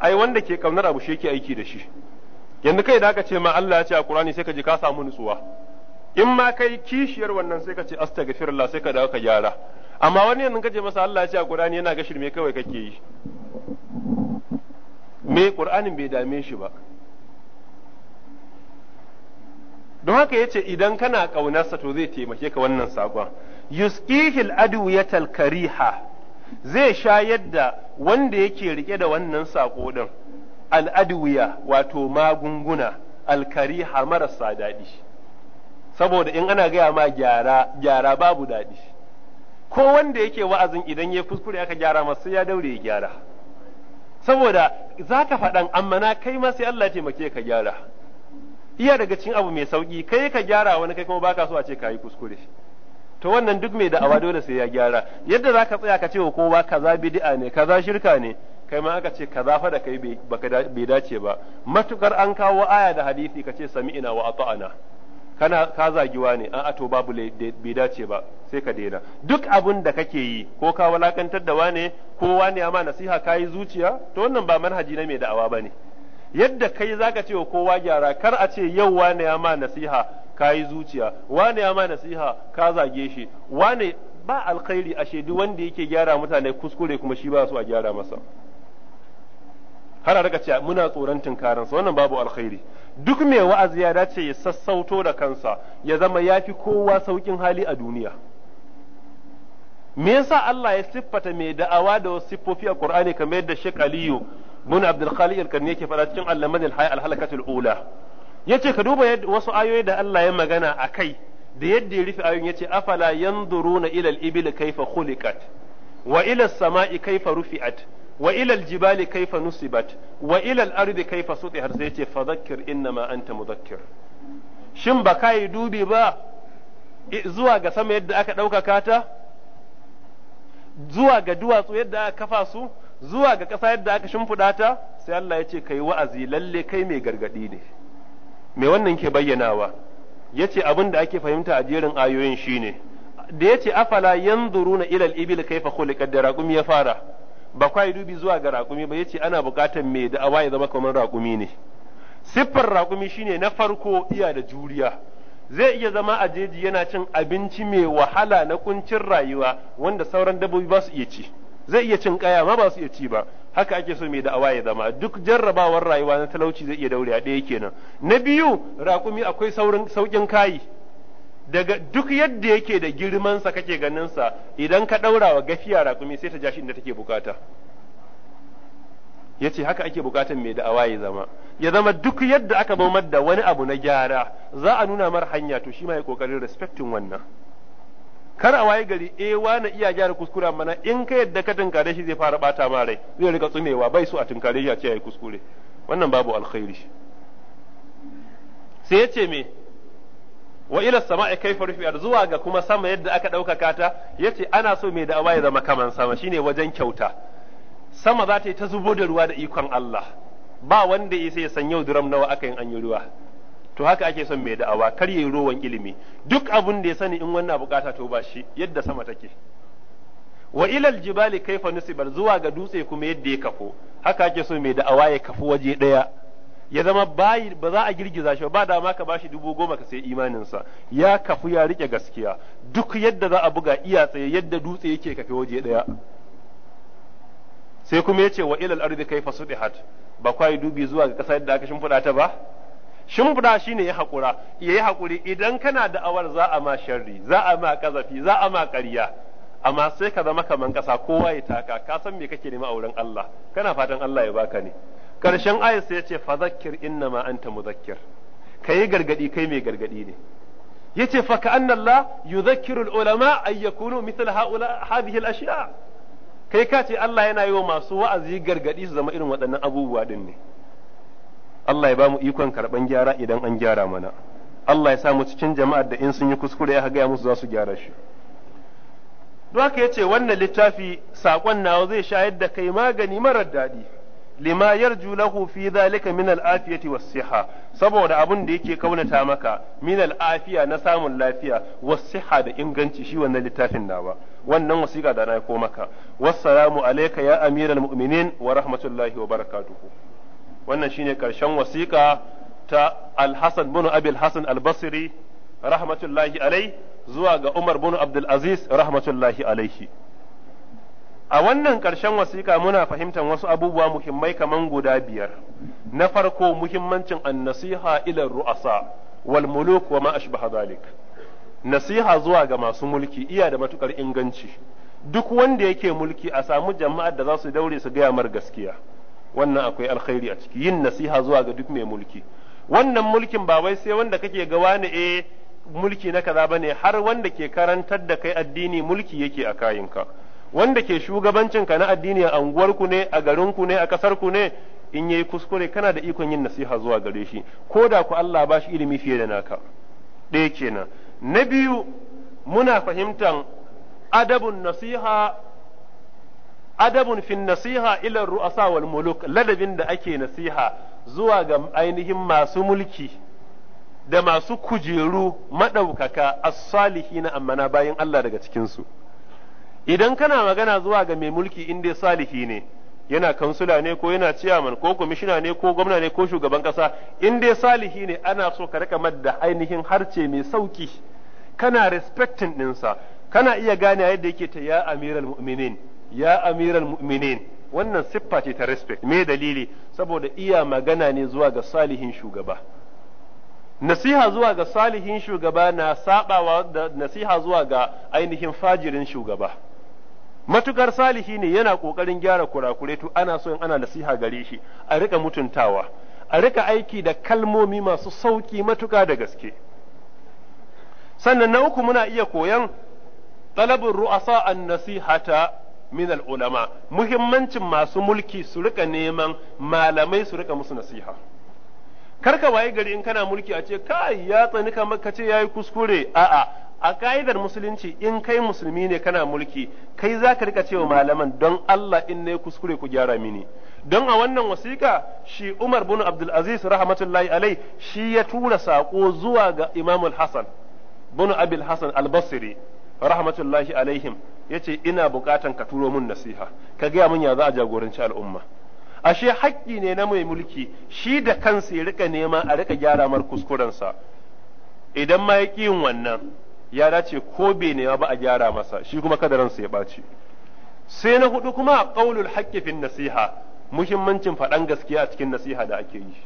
ai wanda ke ƙaunar abu shi yake aiki da shi yanzu kai da aka ce ma Allah ya ce a Qur'ani sai ka ji ka samu nutsuwa in ma kai kishiyar wannan sai ka ce astaghfirullah sai ka dawo ka gyara amma wani yanzu kaje masa Allah ya ce a Qur'ani yana ga shirme kawai kake yi me Qur'anin bai dame shi ba don haka yace idan kana ƙaunarsa to zai taimake ka wannan sakon yusqihil yatal kariha zai sha yadda wanda yake rike da wannan sako din al adwiya wato magunguna al kariha marasa daɗi saboda in ana gaya ma gyara gyara babu daɗi ko wanda yake wa'azin idan ya kuskure aka gyara masu ya daure ya gyara saboda za ka faɗan amma na kai ma sai Allah taimake ka gyara iya daga cikin abu mai sauki kai ka gyara wani kai kuma baka so a ce ka yi kuskure to wannan duk mai da'awa dole sai ya gyara yadda za ka tsaya ka ce wa kowa kaza bid'a ne kaza shirka ne kai ma aka ce kaza fa da kai bai dace ba matukar an kawo aya da hadisi ka ce sami'ina wa ata'ana kana ka zagiwa ne a'a to babu bai dace ba sai ka daina duk abin da kake yi ko ka walakantar da wane ko wane ma nasiha kayi zuciya to wannan ba manhaji na mai da'awa bane yadda kai zaka ce wa kowa gyara kar a ce yau wane ma nasiha kayi zuciya wane ma nasiha ka zage shi wane ba alkhairi ashe duk wanda yake gyara mutane kuskure kuma shi ba su a gyara masa har a rika muna tsoron tunkaransa wannan babu alkhairi duk mai wa'azi ya dace ya sassauto da kansa ya zama ya fi kowa saukin hali a duniya me yasa Allah ya siffata mai da'awa da wasu siffofi a Qur'ani kamar yadda Sheikh Aliyu bin Abdul Khaliq al-Karni yake faɗa cikin Allaman al-Hayy al-Halakatul Ula yace ka duba wasu ayoyi da Allah ya magana a kai da yadda ya rufe ayoyin yace afala yanzuruna ila al-ibli kayfa khuliqat wa ila as-sama'i kayfa rufi'at wa ilal jibali kaifa nusibat wa ilal ardi kaifa har sai ce fa fadhakkir innama anta mudhakkir shin ba kai dubi ba zuwa ga sama yadda aka dauka kata? zuwa ga duwatsu yadda aka kafa su zuwa ga ƙasa yadda aka shimfiɗa ta sai Allah ya ce kai wa'azi lalle kai mai gargadi ne mai wannan ke bayyanawa yace abin da ake fahimta a jerin ayoyin shine da yace afala yanzuruna ilal ibil kaifa khuliqat da raqum ya fara ba kwa dubi zuwa ga raƙumi ba yace ana buƙatar mai da'awa ya zama kamar raƙumi ne siffar raƙumi shine na farko iya da juriya zai iya zama a jeji yana cin abinci mai wahala na kuncin rayuwa wanda sauran dabbobi ba su iya ci zai iya cin kaya ma ba su iya ci ba haka ake so mai da'awa ya zama duk jarrabawar rayuwa na talauci zai iya daure a ɗaya kenan na biyu raƙumi akwai saurin saukin kayi daga duk yadda yake da girmansa kake sa idan ka ɗaura wa gafiya raƙumi sai ta ja shi inda take bukata ya ce haka ake bukatan mai da ya zama ya zama duk yadda aka bamar da wani abu na gyara za a nuna mar hanya to shi ma ya kokarin respectin wannan kar a waye gari eh wani iya gyara kuskure mana in ka yadda ka tunkare shi zai fara bata ma rai zai rika tsumewa bai so a tunkare shi a ce yayi kuskure wannan babu alkhairi sai ya ce me wa ila sama'i kaifa rufi'at zuwa ga kuma sama yadda aka ɗaukaka ta yace ana so mai da'awa ya zama kaman sama shine wajen kyauta sama za ta yi ta zubo da ruwa da ikon Allah ba wanda ya sai san yau duram nawa aka yin an yi ruwa to haka ake son mai da'awa kar yi ruwan ilimi duk abun da ya sani in wannan bukata to ba shi yadda sama take wa ilal jibali kaifa nusibar zuwa ga dutse kuma yadda ya kafo haka ake so mai da'awa ya kafu waje daya ya zama bayi ba za a girgiza shi ba dama ka bashi dubu goma ka sai imaninsa ya kafu ya rike gaskiya duk yadda za a buga iya tsaye yadda dutse yake kafe waje daya sai kuma ya ce wa ilal ardi kaifa sudihat ba kwai dubi zuwa ga kasa yadda aka shimfiɗa ta ba shimfiɗa shi ne ya haƙura ya yi haƙuri idan kana da awar za a ma sharri za a ma kazafi za a ma ƙarya amma sai ka zama kaman ƙasa kowa ya taka ka san me kake nema a wurin Allah kana fatan Allah ya baka ne karshen ayat sai fazakkir inna innama anta muzakkir kai gargadi kai mai gargadi ne yace fa ka'anna Allah yudhakkiru ulama ay yakunu mithla haula hadhihi al-ashya kai ka ce Allah yana yi wa masu wa'azi gargadi su zama irin waɗannan abubuwa din ne Allah ya ba mu ikon karɓan gyara idan an gyara mana Allah ya sa mu cikin jama'ar da in sun yi kuskure ya gaya musu za su gyara shi don haka ya ce wannan littafi saƙon nawa zai shayar da kai magani marar daɗi lima yarju lahu fi dhalika min al-afiyati was-siha saboda abin da yake kaunata maka min al-afiya na samun lafiya was-siha da inganci shi wannan littafin nawa wannan wasiƙa da na ko maka wassalamu alayka ya amiral mu'minin wa rahmatullahi wa barakatuhu wannan shine karshen wasiƙa ta al-Hasan bin Abi al-Hasan al-Basri rahmatullahi alayhi zuwa ga Umar bin Abdul Aziz rahmatullahi alayhi A wannan ƙarshen wasiƙa muna fahimtar wasu abubuwa muhimmai kaman guda biyar. Na farko muhimmancin annasiha ila ru'asa wal muluk wa ma ashbaha zalik. Nasiha zuwa ga masu mulki iya da matukar inganci. Duk wanda yake mulki a samu jama'ar da za su daure su gaya mar gaskiya. Wannan akwai alkhairi a ciki yin nasiha zuwa ga duk mai mulki. Wannan mulkin ba wai sai wanda kake ga wani eh mulki na kaza bane har wanda ke karantar da kai addini mulki yake a kayinka. wanda ke shugabancin ka na addini a anguwarku ne a garinku ne a ƙasarku ne in yi kuskure kana da ikon yin nasiha zuwa gare shi ko da ku Allah ba shi ilimi fiye da naka ɗaya kenan na biyu muna fahimtan adabun nasiha adabun fin nasiha ila ru'asa wal muluk ladabin da ake nasiha zuwa ga ainihin masu mulki da masu kujeru maɗaukaka, as-salihina amma na bayin Allah daga cikin su idan kana magana zuwa ga mai mulki inda dai salihi ne yana kansula ne ko yana ciyaman ko kwamishina ne ko gwamna ne ko shugaban kasa in dai salihi ne ana so ka rika madda ainihin harce mai sauki kana respecting ɗinsa kana iya gane yadda yake ta ya amiral mu'minin ya amiral mu'minin wannan siffa ce ta respect me dalili saboda iya magana ne zuwa ga salihin shugaba nasiha zuwa ga salihin shugaba na sabawa da nasiha zuwa ga ainihin fajirin shugaba matukar salihi ne yana kokarin gyara kurakure to ana so in ana nasiha gare shi a rika mutuntawa a rika aiki da kalmomi masu sauki matuka da gaske sannan na uku muna iya koyan talabin ru'asa an nasihata min ulama muhimmancin masu mulki su rika neman malamai su rika musu nasiha Kar ka waye gari in kana mulki a ce kai ya tsani kamar ka ce yayi kuskure a'a a ka'idar musulunci in kai musulmi ne kana mulki kai za ka rika cewa malaman don Allah in na kuskure ku gyara mini don a wannan wasiƙa shi Umar bin Abdul Aziz rahmatullahi alai shi ya tura sako zuwa ga Imam al Hassan bin Abil Hassan Al-Basri rahmatullahi alaihim yace ina bukatan ka turo mun nasiha ka gaya mun ya za a jagoranci al'umma ashe haƙƙi ne na mai mulki shi da kansa ya rika nema a rika gyara mar kuskurensa idan ma ya yin wannan ya dace ko bai nema ba a gyara masa shi kuma kada ransa ya ɓaci sai na hudu kuma qaulul haqqi fin nasiha muhimmancin faɗan gaskiya a cikin nasiha da ake yi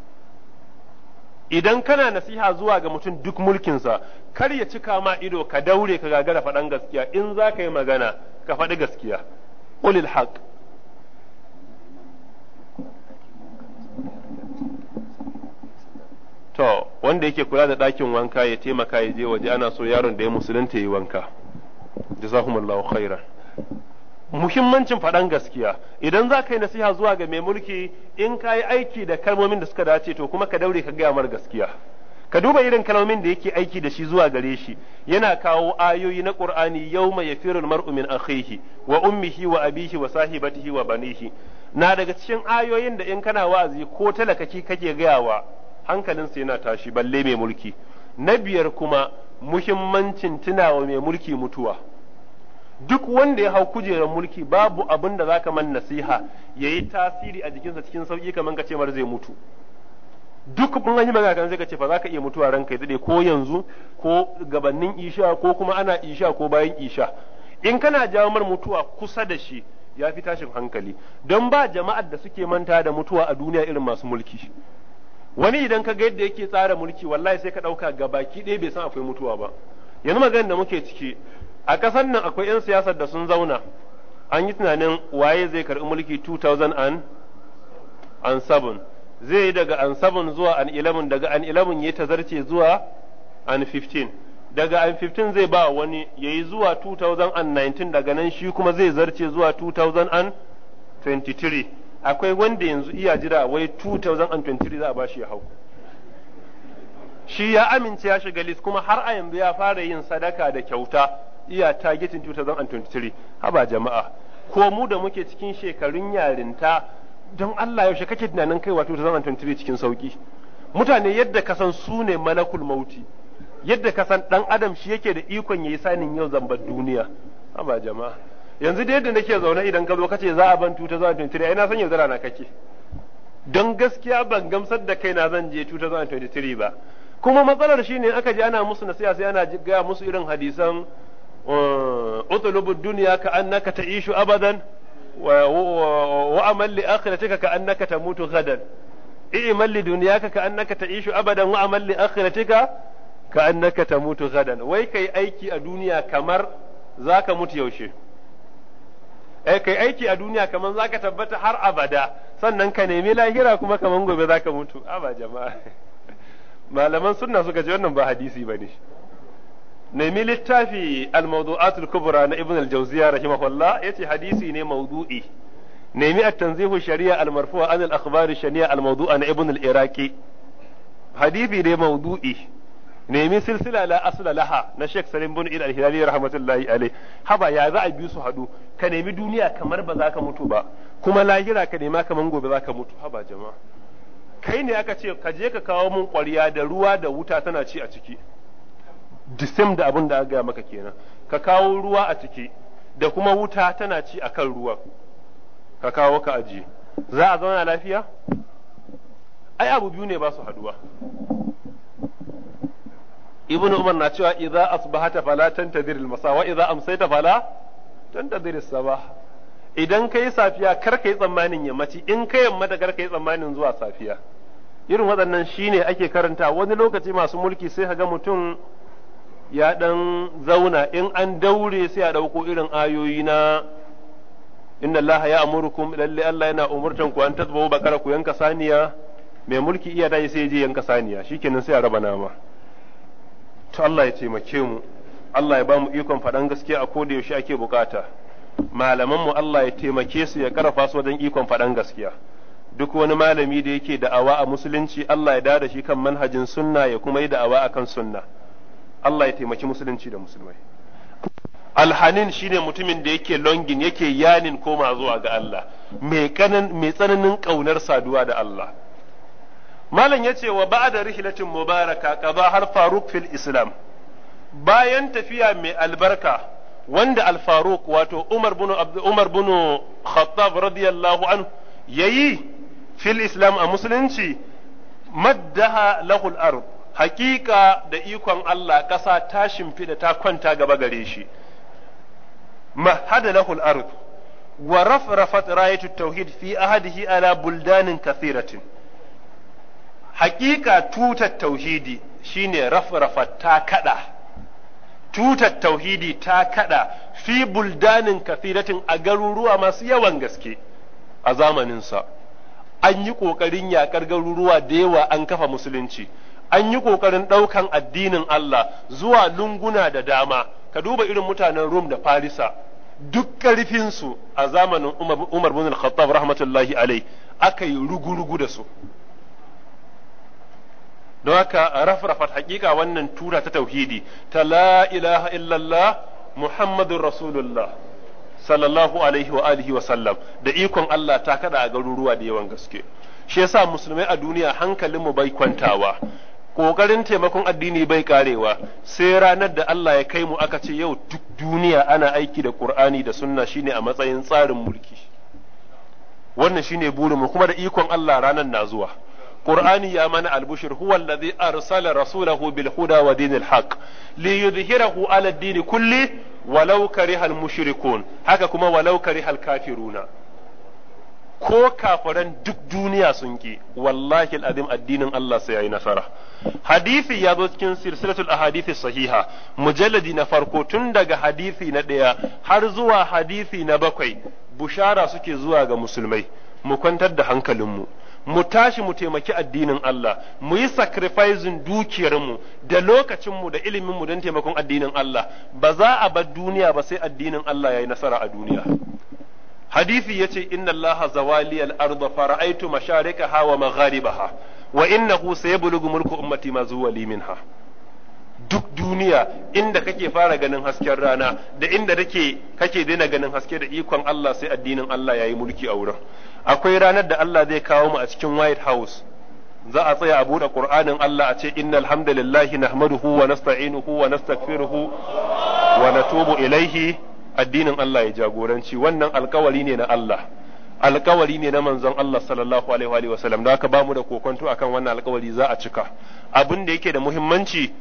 idan kana nasiha zuwa ga mutum duk mulkinsa kar ya cika ma ido ka daure ka gagara faɗan gaskiya in za ka yi magana ka faɗi gaskiya qulil haqq to wanda yake kula da ɗakin wanka ya taimaka ya je waje ana so yaron da ya musulunta ya yi wanka jazakumullahu khairan muhimmancin faɗan gaskiya idan za ka yi nasiha zuwa ga mai mulki in ka yi aiki da kalmomin da suka dace to kuma ka daure ka gaya mar gaskiya ka duba irin kalmomin da yake aiki da shi zuwa gare shi yana kawo ayoyi na qur'ani yawma yafirul mar'u min akhihi wa ummihi wa abihi wa sahibatihi wa banihi na daga cikin ayoyin da in kana wa'azi ko talakaki kake gayawa hankalinsa yana tashi balle mai mulki na biyar kuma muhimmancin tunawa mai mulki mutuwa duk wanda ya hau kujerar mulki babu abin da zaka man nasiha yayi tasiri a jikinsa cikin sauki kamar ka ce mar zai mutu duk kun an yi magana sai ka ce fa za ka iya mutuwa ranka ya dade ko yanzu ko gabanin isha ko kuma ana isha ko bayan isha in kana jawo mutuwa kusa da shi ya fi tashin hankali don ba jama'ar da suke manta da mutuwa a duniya irin masu mulki wani idan ka ga yadda yake tsara mulki wallahi sai ka ɗauka ga baki ɗaya bai san akwai mutuwa ba yanzu maganar da muke ciki a ƙasar nan akwai 'yan siyasar da sun zauna an yi tunanin waye zai karɓi mulki 2007 zai yi daga an 7 zuwa an ilamin daga an ilamin ya ta zarce zuwa an 15 daga an 15 zai ba wani ya yi zuwa 2019 daga nan shi kuma zai zarce zuwa 2023 akwai wanda yanzu iya jira wai 2023 za a bashi ya hau shi ya amince ya shiga list kuma har a yanzu ya fara yin sadaka da kyauta iya targeting 2023 haba jama'a ko mu da muke cikin shekarun yarinta don Allah yaushe kake tunanin kai wato 2023 cikin sauki mutane yadda ka san su ne malakul mauti yadda ka san dan adam shi yake da ikon yayi sanin yau zambar duniya amma jama'a yanzu da yadda nake zaune idan ka zo kace za a ban 2023 ai na san yanzu rana kake don gaskiya ban gamsar da kai na zan je 2023 ba kuma matsalar shine aka ji ana musu nasiha sai ana gaya musu irin hadisan uh, utulubud duniya ka annaka ishu abadan وأمل لآخرتك كأنك تموت غدا اعمل لدنياك كأنك تعيش أبدا وأمل لآخرتك كأنك تموت غدا ويكي أيكي الدنيا كمر ذاك موت يوشي ai kai aiki a duniya kaman zaka eh, tabbata har abada sannan ka nemi lahira kuma kaman gobe zaka mutu a ba jama'a malaman sunna suka ce wannan ba hadisi bane nemi littafi al-mawdu'atul kubra na ibn al-jawziya rahimahullah yace hadisi ne mawdu'i nemi at-tanzihu shari'a al-marfu'a an al-akhbar shani'a al-mawdu'a na ibn al-iraqi hadisi ne mawdu'i nemi silsila la asla laha na Sheikh Salim bin Id al-Hilali rahmatullahi alayh haba ya za a bi su hadu ka nemi duniya kamar ba za ka mutu ba kuma lahira ka nema kamar gobe za ka mutu haba jama'a kai ne aka ce ka je ka kawo mun ƙwarya da ruwa da wuta tana ci a ciki disem da abin da aka gaya maka kenan ka kawo ruwa a ciki da kuma wuta tana ci a kan ruwa ka kawo ka ajiye za a zauna lafiya ai abu biyu ne ba su haduwa ibnu umar na cewa idza asbahata fala tantadir al-masa wa idza amsayta fala tantadir as-sabah idan kai safiya kar kai tsammanin yammaci in kai yamma da kar kai tsammanin zuwa safiya irin waɗannan shine ake karanta wani lokaci masu mulki sai ka ga mutum ya ɗan zauna in an daure sai a ɗauko irin ayoyi na inna allaha ya lalle Allah yana umurtan ku an tazbahu bakara ku yanka saniya mai mulki iya dai sai je yanka saniya shikenan sai a raba nama to Allah ya taimake mu Allah ya ba mu ikon faɗan gaskiya a koda yaushe ake bukata malaman mu Allah ya taimake su ya karfa su wajen ikon faɗan gaskiya duk wani malami da yake da'awa a musulunci Allah ya dada shi kan manhajin sunna ya kuma yi da'awa akan sunna Allah ya taimaki musulunci da musulmai alhanin shine mutumin da yake longin yake yanin koma zuwa ga Allah mai tsananin ƙaunar saduwa da Allah malam ya ce wa ba'da rihlatin mubaraka kaza har Faruk fil islam bayan tafiya mai albarka wanda al wato Umar bin Umar bin Khattab radiyallahu anhu yayi fil islam a musulunci maddaha lahu al-ard hakika da ikon Allah ƙasa ta shimfida ta kwanta gaba gare shi mahada lahul ard wa rafrafat rayatu tauhid fi ahadihi ala buldanin kathiratin hakika tutar tauhidi shine rafrafat ta kada tutar tauhidi ta kada fi buldanin kathiratin a garuruwa masu yawan gaske a zamaninsa an yi ƙoƙarin yaƙar garuruwa da yawa an kafa musulunci an yi ƙoƙarin ɗaukan addinin Allah zuwa lunguna da dama ka duba irin mutanen Rum da Farisa duk ƙarfinsu a zamanin Umar bin Khattab rahmatullahi alai aka yi rugu da su don haka rafrafat hakika wannan tura ta tauhidi ta la ilaha illallah muhammadun rasulullah sallallahu alaihi wa alihi wa sallam da ikon Allah ta kada a garuruwa da yawan gaske shi yasa musulmai a duniya hankalinmu bai kwantawa ƙoƙarin taimakon addini bai karewa sai ranar da Allah ya kai mu aka ce yau duk duniya ana aiki da ƙur'ani da sunna shine a matsayin tsarin mulki wannan shine burin mu kuma da ikon Allah ranar na zuwa ƙur'ani ya mana albushir huwa allazi arsala rasulahu bil huda wa dinil haqq li yudhhirahu ala ad kulli walau karihal mushrikun haka kuma walau karihal kafiruna ko kafiran duk duniya sun ki wallahi al'azim addinin Allah sai yayi nasara hadisi ya zo cikin silsilatul ahadithi sahiha mujalladi na farko tun daga hadisi na ɗaya har zuwa hadisi na bakwai bushara suke zuwa ga musulmai mu kwantar da hankalinmu mu tashi mu taimaki addinin Allah mu yi sacrificing dukiyarmu da lokacinmu da iliminmu don taimakon addinin Allah ba za a bar duniya ba sai addinin Allah ya yi nasara a duniya hadisi ce inna allaha zawali al-ardh fara'aytu masharikaha wa magharibaha wa innahu sayablugu mulku ummati ma zuwali minha duk duniya inda kake fara ganin hasken rana da inda take kake daina ganin haske da ikon Allah sai addinin Allah yayi mulki a wurin akwai ranar da Allah zai kawo mu a cikin White House za a tsaya a buɗe Qur'anin Allah a ce innal hamdalillahi nahmaduhu wa nasta'inuhu wa nastaghfiruhu wa natubu ilaihi addinin Allah ya jagoranci wannan alkawari ne na Allah alkawari ne na manzon Allah sallallahu alaihi wa sallam da haka bamu da kokonto akan wannan alkawari za a cika abin da yake da muhimmanci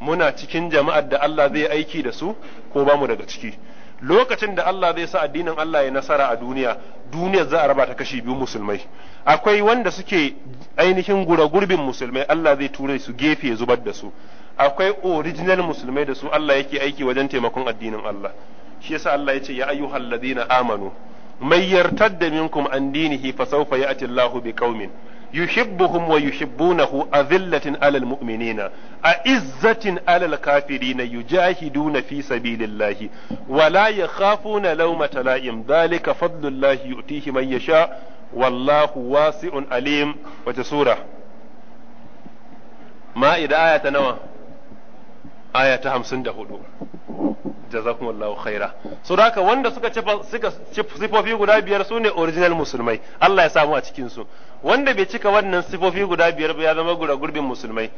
muna cikin jama'ar da Allah zai aiki da su ko bamu daga ciki lokacin da Allah zai sa addinin Allah ya nasara a duniya duniya za a raba ta kashi biyu musulmai akwai wanda suke ainihin gura gurbin musulmai Allah zai ture su gefe zubar da su akwai original musulmai da su Allah yake aiki wajen taimakon addinin Allah shi yasa Allah ya ce ya ayyuhal ladina amanu may yartadda minkum an dinihi fa sawfa ya'ti Allahu bi qaumin yuhibbuhum wa yuhibbunahu azillatin alal mu'minina a'izzatin alal kafirina yujahiduna fi sabilillahi wa la yakhafuna lawmata la'im dhalika fadlullahi yu'tihi man yasha wallahu wasi'un alim wata sura ma'ida aya ta nawa aya ta hamsin da hudu jazakumullahu khaira so da ka wanda suka ci suka sifofi guda biyar su ne original musulmai Allah ya samu a cikin su wanda bai cika wannan sifofi guda biyar ba ya zama gura gurbin musulmai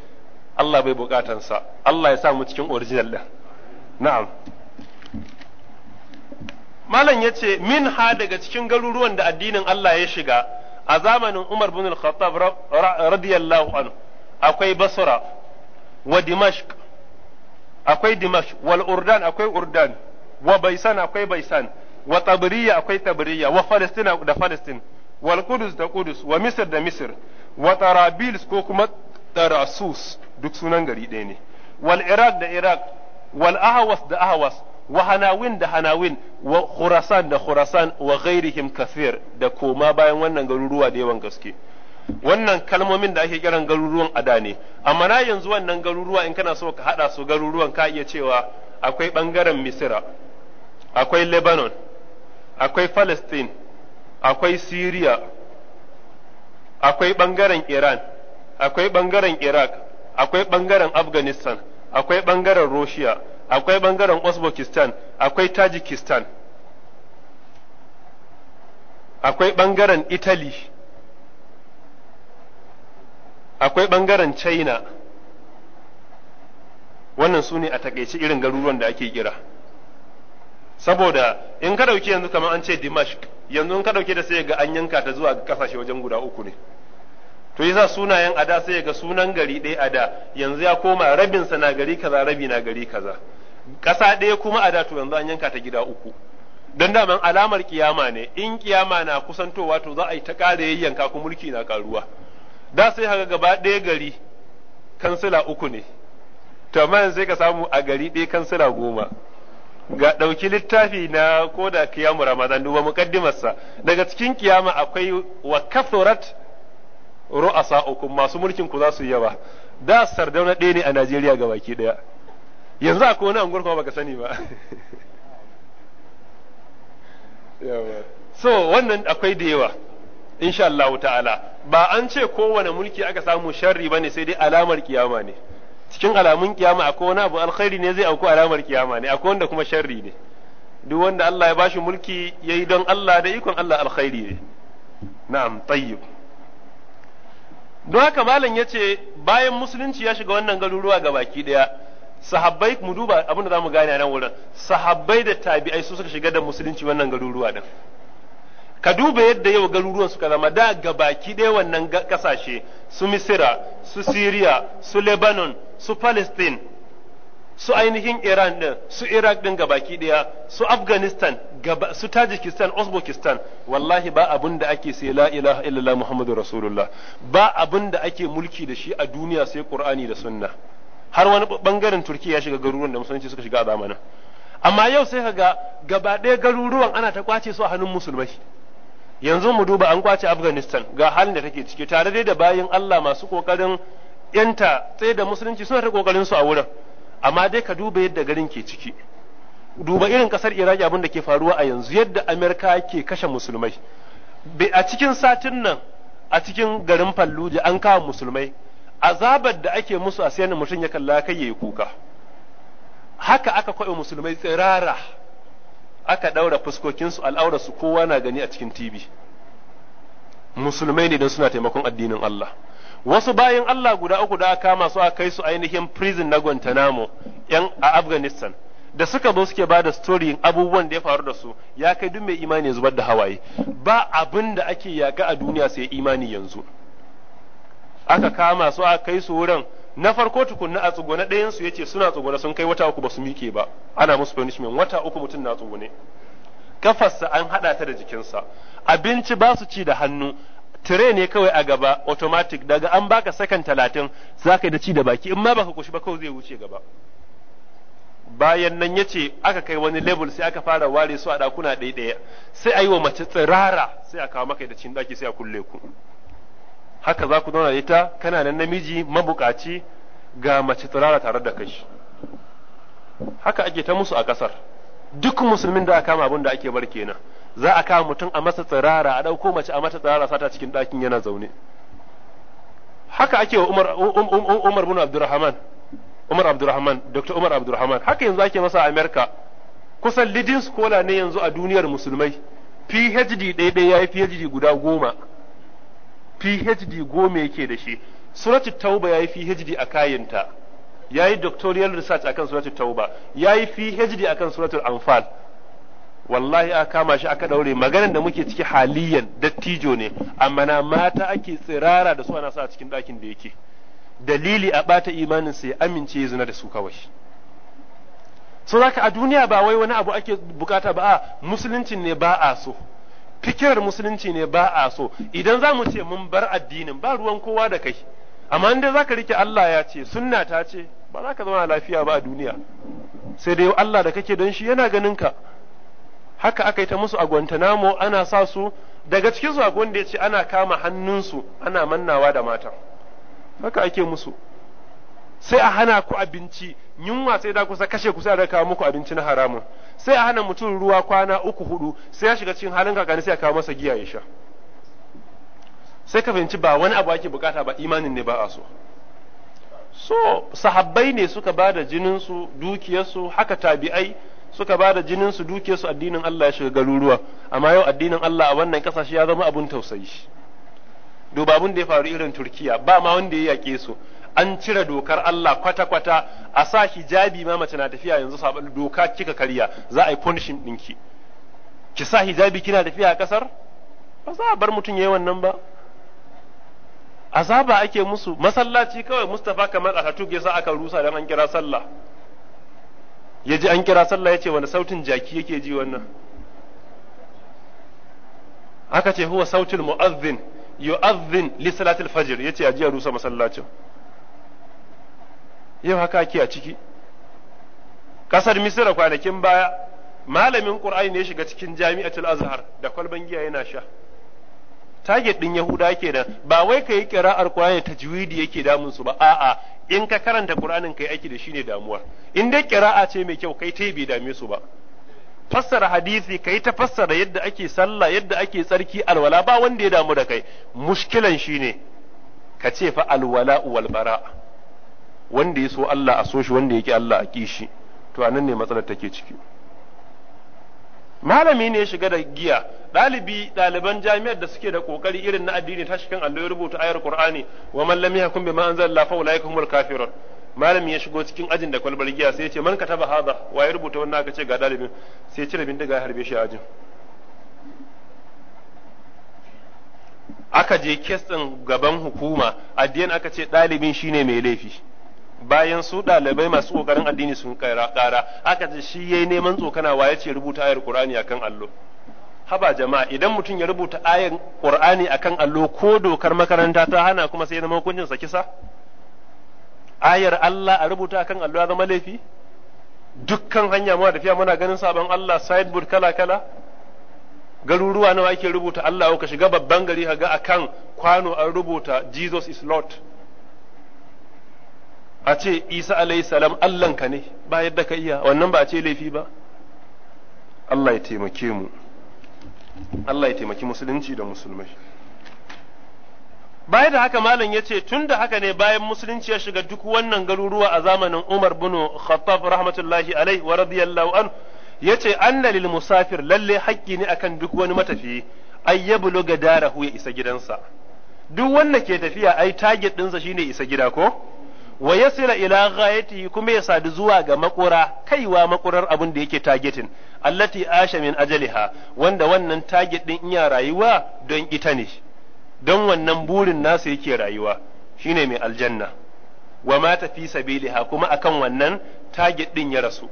Allah bai sa Allah ya samu cikin original din na'am malam yace min ha daga cikin garuruwan da addinin Allah ya shiga a zamanin Umar bin Al-Khattab radiyallahu anhu akwai Basra wa Dimashq akwai dimash wal urdan akwai urdan wa baisan akwai baisan wa tabriya akwai tabriya wa palestina da palestin wal qudus da qudus wa misr da misr wa tarabilis ko kuma tarasus duk sunan gari ɗaya ne wal iraq da iraq wal ahwas da ahwas wa hanawin da hanawin wa khurasan da khurasan wa ghairihim kafir da koma bayan wannan garuruwa da yawan gaske wannan kalmomin da ake kiran garuruwan ada ne amma na yanzu wannan garuruwa in kana so ka hada su garuruwan ka iya cewa akwai bangaren misira akwai lebanon akwai palestine akwai syria akwai bangaren iran akwai bangaren iraq akwai bangaren afghanistan akwai bangaren russia akwai bangaren uzbekistan akwai tajikistan akwai bangaren italy akwai ɓangaren china wannan su ne a takaice irin garuruwan da ake kira saboda in ka ɗauki yanzu kamar an ce dimashq yanzu in ka ɗauke da sai ga an yanka ta zuwa kasashe wajen guda uku ne to yasa sunayen ada sai ga sunan gari ɗaya ada yanzu ya koma rabin sa na gari kaza rabi na gari kaza ƙasa ɗaya kuma ada to yanzu an yanka ta gida uku don daman alamar kiyama ne in kiyama na kusantowa to za a yi ta ƙara yayyanka ku mulki na ƙaruwa da sai haka gaba ɗaya gari kansila uku ne to amma sai ka samu a gari ɗaya kansila goma ga ɗauki littafi na ko da kiyamu ramadan duba muƙaddimarsa. daga cikin kiyama akwai wa ru'asa uku. masu mulkin ku za su yi yawa da sardauna ɗaya ne a Najeriya ga baki ɗaya yanzu a wani anguwar kuma baka sani ba so wannan akwai da yawa insha Allah ta'ala ba an ce kowane mulki aka samu sharri bane sai dai alamar kiyama ne cikin alamun kiyama akwai wani abu alkhairi ne zai auku alamar kiyama ne akwai wanda kuma sharri ne duk wanda Allah ya bashi mulki yayi don Allah da ikon Allah alkhairi ne na'am tayyib don haka malam yace bayan musulunci ya shiga wannan garuruwa ga baki daya sahabbai mu duba abin da zamu gane nan wurin sahabbai da tabi'ai su suka shiga da musulunci wannan garuruwa din ka duba yadda yau garuruwan suka zama da ga baki ɗaya wannan kasashe su misira su syria su lebanon su palestine su ainihin iran ɗin su iraq ɗin gabaki ɗaya su afghanistan su tajikistan uzbekistan wallahi ba abin da ake sai la ilaha illallah muhammadu rasulullah ba abin da ake mulki da shi a duniya sai qur'ani da sunna har wani bangaren turkiya ya shiga garuruwan da musulunci suka shiga a zamanin amma yau sai ka ga gaba ɗaya garuruwan ana ta kwace su a hannun musulmai yanzu mu duba an kwace afghanistan ga halin da take ciki tare da bayin allah masu kokarin yanta tsaye da musulunci suna ta kokarin su a wurin amma dai ka duba yadda garin ke ciki duba irin kasar iraki abin da ke faruwa a yanzu yadda amerika ke kashe musulmai a cikin satin nan a cikin garin fallujah an kawo musulmai azabar da ake musu a sayan mutum ya kalla kai yayi kuka haka aka kwaɓe musulmai tsirara aka ɗaura fuskokinsu al'aurarsu kowa na gani a cikin TV musulmai ne don suna taimakon addinin Allah wasu bayan Allah guda uku da aka kama su a kai su ainihin prison na Guantanamo yan a Afghanistan da suka zo suke bada story abubuwan da ya faru da su ya kai duk mai imani ya zubar da hawaye ba abin da ake yaka a duniya sai imani yanzu aka kama su a kai su wurin na farko tukunna a tsugune ɗayan su yace suna tsugune sun kai wata uku ba su mike ba ana musu punishment wata uku mutum na tsugune kafarsa an hada ta da jikinsa abinci ba su ci da hannu tire ne kawai a gaba automatic daga an baka sakan talatin za ka yi da ci da baki in ma baka kushi ba kawai zai wuce gaba bayan nan yace aka kai wani level sai aka fara ware su a ɗakuna ɗaya ɗaya sai a yi wa mace tsirara sai a kawo maka da cin daki sai a kulle ku haka za ku zauna da ita kana nan namiji mabukaci ga mace turara tare da kai haka ake ta musu a ƙasar duk musulmin da aka kama abin da ake bar kenan za a kama mutum a masa tsirara a ɗauko mace a mata tsirara sata cikin ɗakin yana zaune haka ake wa Umar Umar bin Abdurrahman Umar Abdurrahman Dr Umar Abdurrahman haka yanzu ake masa a America kusan leading scholar ne yanzu a duniyar musulmai PhD ɗaya ɗaya yayi PhD guda goma PhD goma yake da shi suratul tauba yayi PhD a kayinta yayi doctoral research akan suratu tauba yayi PhD akan suratul anfal wallahi a kama shi aka daure maganar da muke ciki haliyan dattijo ne amma na mata ake tsirara da su ana sa cikin ɗakin da yake dalili a bata imanin sai amince zina da su kawai so zaka a duniya ba wai wani abu ake bukata ba a musuluncin ne ba a so fikirar musulunci ne ba a so idan za mu ce mun bar addinin ba ruwan kowa da kai amma inda ka rike Allah ya ce sunna ta ce ba za ka zama lafiya ba a duniya sai dai Allah da kake don shi yana ganin ka haka aka yi ta musu a Guantanamo ana sa su daga cikin su akwai ya ce ana kama hannunsu ana mannawa da matan haka ake musu sai a hana ku abinci yunwa sai da kusa kashe ku sai a kawo muku abinci na haramun sai a hana mutum ruwa kwana uku hudu sai ya shiga cikin halin kakanni sai a kawo masa giya ya sha sai ka fahimci ba wani abu ake bukata ba imanin ne ba a so so sahabbai ne suka ba da jininsu dukiyarsu haka tabi'ai suka ba da jininsu dukiyarsu addinin Allah ya shiga garuruwa amma yau addinin Allah a wannan kasashe ya zama abun tausayi duba abun da ya faru irin Turkiya ba ma wanda ya yake su an cire dokar Allah kwata-kwata a sa hijabi ma mace na tafiya yanzu sabon doka kika karya za a yi punishing ɗinki ki sa hijabi kina tafiya a ƙasar ba za a bar mutum yayi wannan ba azaba ake musu masallaci kawai Mustapha kamar a Katug sa aka rusa don an kira sallah ya ji an kira sallah ya ce wani sautin jaki yake ji wannan aka ce huwa sautin mu'azzin yu'azzin li salatil fajr yace a ji a rusa masallacin yau haka ke a ciki kasar misira kwanakin baya malamin qur'ani ne shiga cikin jami'atul azhar da kwalban giya yana sha target din yahuda da ba wai kai kira'ar qur'ani tajwidi yake damun su ba a'a in ka karanta qur'anin kai aiki da shi ne damuwa. in dai ƙira'a ce mai kyau kai tai bai dame su ba fassara hadisi kai ta fassara yadda ake sallah yadda ake tsarki alwala ba wanda ya damu da kai mushkilan shine ka ce fa alwala wal wanda ya so Allah a so shi wanda yake Allah a ki shi to anan ne matsalar take ciki malami ne ya shiga da giya ɗalibi ɗaliban jami'ar da suke da kokari irin na addini ta shikan Allah ya rubuta ayar Qur'ani wa man lam yahkum bima anzala fa ulaika humul kafirun malami ya shigo cikin ajin da kwalbar giya sai ya ce man kataba hadha wa ya rubuta wannan aka ce ga ɗalibin sai ya cire bindiga ya harbe shi a ajin aka je kes ɗin gaban hukuma addini aka ce ɗalibin shine mai laifi bayan su ɗalibai masu ƙoƙarin addini sun ƙara aka ce shi yayi neman tsokana wa ce rubuta ayar Qur'ani akan allo haba jama'a idan mutum ya rubuta ayar Qur'ani akan allo ko dokar makaranta ta hana kuma sai zama hukuncin sa kisa ayar Allah a rubuta akan allo ya zama laifi dukkan hanya mu muna tafiya muna ganin sabon Allah sideboard kala kala garuruwa nawa ake rubuta Allah ka shiga babban gari kaga akan kwano an rubuta Jesus is Lord a ce isa alayhi salam allanka ne ba yadda ka iya wannan ba a ce laifi ba Allah ya taimake mu Allah ya taimaki musulunci da musulmai baya da haka malam ya ce tun da haka ne bayan musulunci ya shiga duk wannan garuruwa a zamanin Umar bin Khattab rahmatullahi alaihi wa radiyallahu ya ce anna lil musafir lalle haƙƙi ne akan duk wani matafiyi ay yabluga darahu ya isa gidansa duk wanda ke tafiya ai target ɗinsa shine isa gida ko wa yasila ila ghayatihi kuma ya sadu zuwa ga makura kaiwa makurar abin da yake targetin allati asha min ajaliha wanda wannan target din iya rayuwa don ita ne don wannan burin nasa yake rayuwa shine mai aljanna wa mata fi sabiliha kuma akan wannan target din ya rasu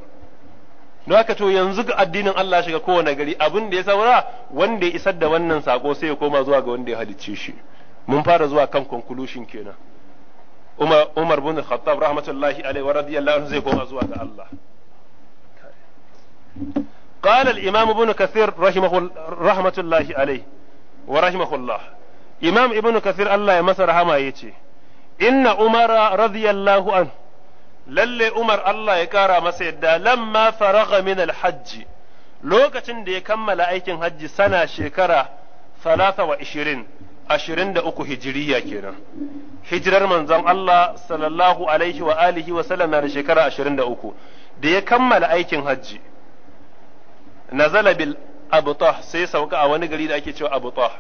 don haka to yanzu ga addinin Allah shiga kowane gari abin da ya saura wanda ya isar da wannan sako sai ya koma zuwa ga wanda ya halicce shi mun fara zuwa kan conclusion kenan Umar Umar bin Khattab rahmatullahi alaihi wa radiyallahu anhu zai koma zuwa ga Allah قال الإمام ابن كثير رحمه رحمة الله عليه ورحمه الله إمام ابن كثير الله يمسر هما يتي Inna Umar رضي الله عنه lalle Umar Allah ya kara masa yadda lamma faraga min alhajji lokacin da ya kammala aikin hajji sana shekara 23 ashirin da uku hijiriya kenan hijirar manzon Allah sallallahu alaihi wa alihi wa sallam na da shekara ashirin da uku da ya kammala aikin hajji nazala bil abtah sai sauka a wani gari da ake cewa abtah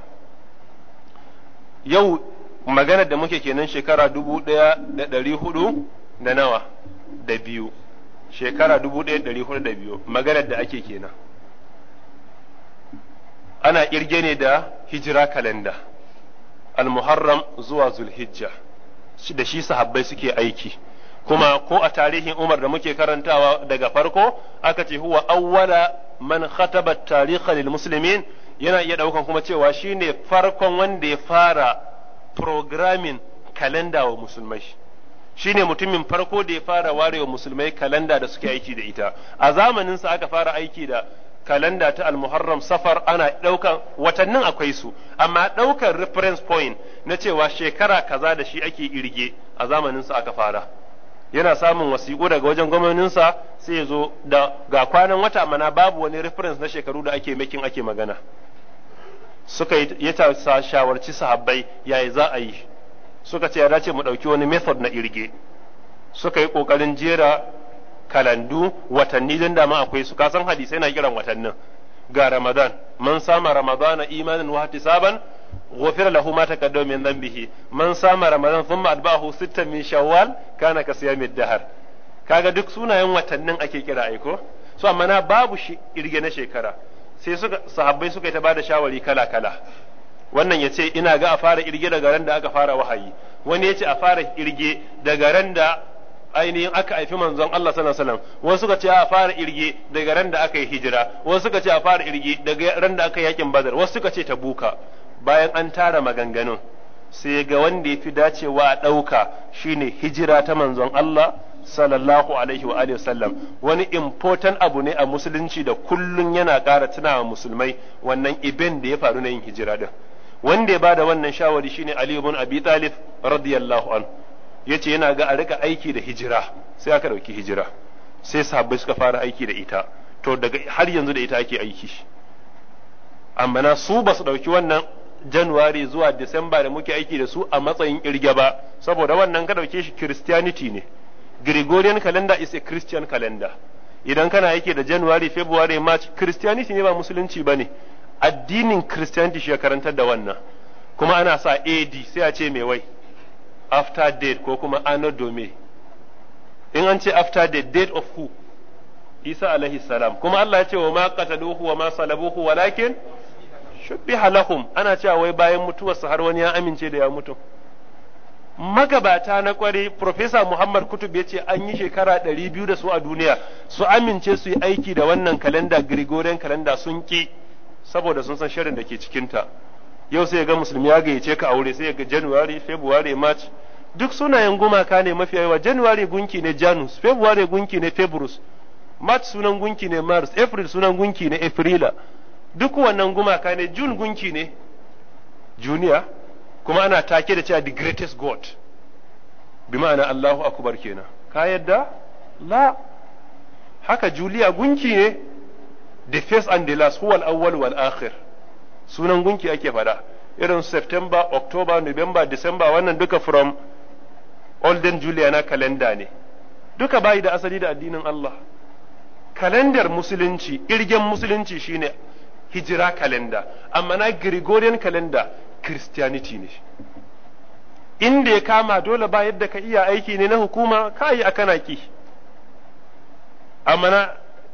yau magana da muke kenan shekara dubu ɗaya da ɗari hudu da nawa da biyu shekara dubu ɗaya ɗari hudu da biyu maganar da ake kenan ana kirge ne da hijira kalanda al-muharram zuwa zulhijja da shi sahabbai suke aiki kuma ko a tarihin Umar da muke karantawa daga farko aka ce huwa awwala man khataba tarikha lil muslimin yana iya daukan kuma cewa shine farkon wanda ya fara programming kalenda wa musulmai shine mutumin farko da ya fara warewa musulmai kalanda da suke aiki da ita a zamanin sa aka fara aiki da kalanda ta al-muharram safar ana ɗaukan watannin akwai su amma ɗaukan reference point na cewa shekara kaza da shi ake irge a zamanin sa aka fara yana samun wasiƙu daga wajen sa sai ya zo da ga kwanan wata mana babu wani reference na shekaru da ake makin ake magana suka ya shawarci sahabbai yayi za a yi suka ce ya dace mu ɗauki wani method na irge suka yi ƙoƙarin jera kalandu watanni dan dama akwai su kasan hadisai na kiran watannin ga ramadan man sama ramadana imanin wa ghufira lahu ma ما min dhanbihi man sama ramadan thumma adbahu أتبعه min shawwal kana ka siyamid dahar kaga duk sunayen watannin ake kira aiko su amma na babu shi irge na shekara sai suka sahabbai suka yi ta bada shawari kala kala wannan yace ina ga a fara irge daga ran da aka fara wahayi wani yace a fara irge daga ran da ainihin aka haifi manzon Allah sallallahu alaihi wasallam wasu suka ce a fara irge daga ran da aka yi hijira wasu suka ce a fara irge daga ran da aka yi yakin badar wasu suka ce buka bayan an tara maganganun sai ga wanda ya fi dacewa a ɗauka shine hijira ta manzon Allah sallallahu alaihi wa alihi wasallam wani important abu ne a musulunci da kullun yana ƙara tunawa musulmai wannan ibin da ya faru na yin hijira din wanda ya bada wannan shawari shine Ali ibn Abi Talib radiyallahu anhu ya ce yana ga a rika aiki da hijira sai aka dauki hijira sai sahabbai suka fara aiki da ita to daga har yanzu da ita ake aiki amma na su ba su dauki wannan januari zuwa Disamba da muke aiki da su a matsayin kirge ba saboda wannan ka dauke shi Christianity ne Gregorian calendar is a Christian calendar idan kana aiki da January February March Christianity ne ba musulunci ba ne addinin Christianity shi karantar da wannan kuma ana sa AD sai a ce mai wai after date ko kuma anno dome in an ce after date date of who isa alaihi salam kuma Allah ya ce wa ma qataluhu wa ma salabuhu walakin shubbiha lahum ana cewa wai bayan mutuwarsa har wani ya amince da ya mutu magabata na kwari Profesa Muhammad Kutub ya ce an yi shekara ɗari biyu da su a duniya su amince su yi aiki da wannan kalenda Gregorian kalanda sun ki saboda sun san shirin da ke cikinta. yau sai ga musulmi ya gayyace ka aure sai ga january february march duk sunayen gumaka ne mafi yawa january gunki ne janus february gunki ne februs march sunan gunki ne mars april sunan gunki ne aprila duk wannan gumaka ne june gunki ne junior kuma ana take da cewa the greatest god bi ma'ana allahu akbar kenan ka yadda la haka Julia gunki ne the first and the last huwa al-awwal wal akhir sunan gunki ake fada irin September, October, November, December wannan duka from Olden Juliana calendar ne duka bayi da asali da addinin Allah kalendar musulunci irgen musulunci shine hijira kalenda amma na Gregorian kalenda Christianity ne inda ya kama dole ba yadda ka iya aiki ne na hukuma ka a kana ki amma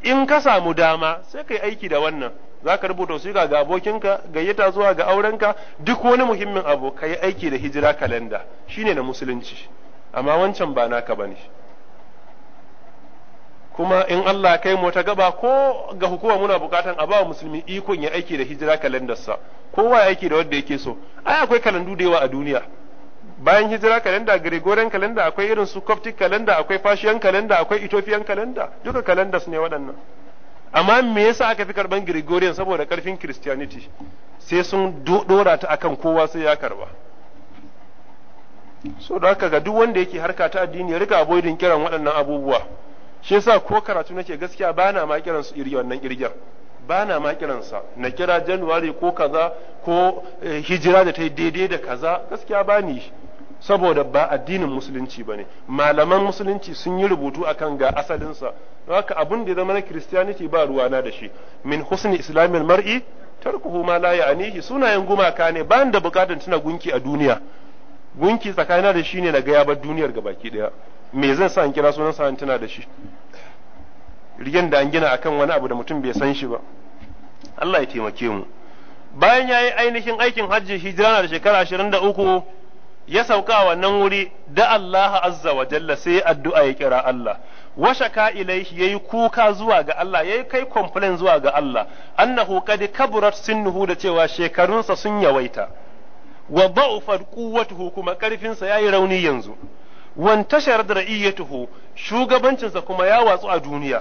in ka samu dama sai ka yi aiki da wannan za ka rubuta wasiƙa ga abokinka gayyata zuwa ga aurenka duk wani muhimmin abu ka yi aiki da hijira kalanda shine na musulunci amma wancan ba naka bane kuma in Allah kai mu ta gaba ko ga hukuma muna bukatan a ba musulmi ikon ya aiki da hijira kalendarsa kowa ya aiki da wanda yake so ai akwai kalandu da yawa a duniya bayan hijira kalenda gregorian kalenda akwai irin su coptic kalenda akwai fashiyan kalenda akwai ethiopian kalenda duka kalendas ne waɗannan amma me yasa aka fi karban Gregorian saboda karfin Christianity sai sun dora ta akan kowa sai ya karba so da haka ga duk wanda yake harka ta addini ya rika avoiding kiran waɗannan abubuwa shi yasa ko karatu nake gaskiya ba na ma kiran su irin wannan ba na ma sa na kira January ko kaza ko eh, hijira da ta yi daidai da kaza gaskiya bani saboda ba addinin musulunci ba ne malaman musulunci sun yi rubutu akan ga asalinsa haka abin da ya zama na christianity ba ruwana da shi min husni islamil mar'i tarkuhu ma la ya'nihi sunayen gumaka ne ba da bukatan tuna gunki a duniya gunki tsakanina da shi ne na ga ya bar duniyar gabaki daya me zan sa in kira sunan sa tuna da shi rigen da an gina akan wani abu da mutum bai san shi ba Allah ya taimake mu bayan yayi ainihin aikin hajji hijira na da shekara 23 ya sauka wannan wuri da Allah azza wa jalla sai addu'a ya kira Allah wa shaka ilaihi yayi kuka zuwa ga Allah yayi kai complain zuwa ga Allah annahu qad kaburat sinnuhu da cewa shekarunsa sun yawaita wa da'ufa quwwatuhu kuma karfinsa yayi rauni yanzu wan tashar ra'iyatuhu shugabancinsa kuma ya watsu a duniya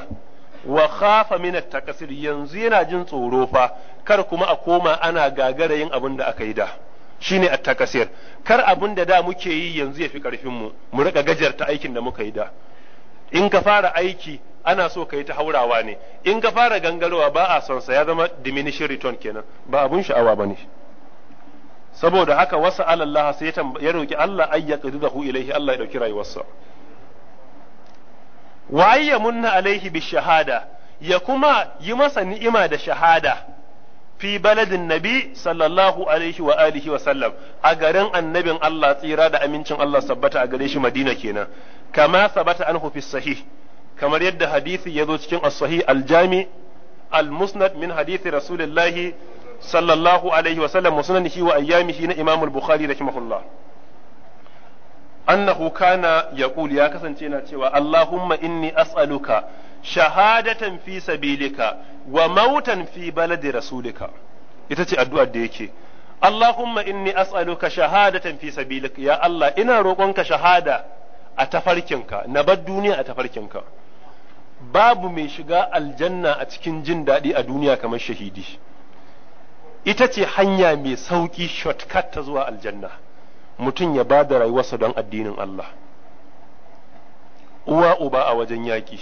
wa khafa min at yanzu yana jin tsoro fa kar kuma a koma ana gagara yin abin da aka yi da shine attakasir kar abin da da muke yi yanzu ya fi karfin mu mu rika gajarta aikin da muka yi da in ka fara aiki ana so ka ta haurawa ne in ka fara gangarowa ba a son sa ya zama diminishing return kenan ba abun sha'awa bane saboda haka wasa Allah sai ya roki Allah ayyaqdidahu ilaihi Allah ya dauki rayuwarsa Waye Munna alaihi bi shahada ya kuma yi masa ni'ima da shahada fi baladin nabi sallallahu alaihi wa alihi wa sallam a garin annabin Allah tsira da amincin Allah sabbata a gare shi Madina kenan kama sabata anhu fi sahih kamar yadda hadisi ya zo cikin as-sahih al-jami al-musnad min hadithi rasulillahi sallallahu alaihi wa sallam shi wa ayyamihi na Imam al-Bukhari rahimahullah annahu kana yaqul ya kasance yana cewa Allahumma inni as'aluka shahadatan fi sabilika wa mautan fi baladi rasulika ita ce addu'ar da yake Allahumma inni as'aluka shahadatan fi sabilika ya Allah ina roƙonka shahada a tafarkinka na bar duniya a tafarkinka babu mai shiga aljanna a cikin jin daɗi a duniya kamar shahidi ita ce hanya mai sauƙi shortcut ta zuwa aljanna mutum ya ba da rayuwarsa don addinin Allah uwa uba a wajen yaƙi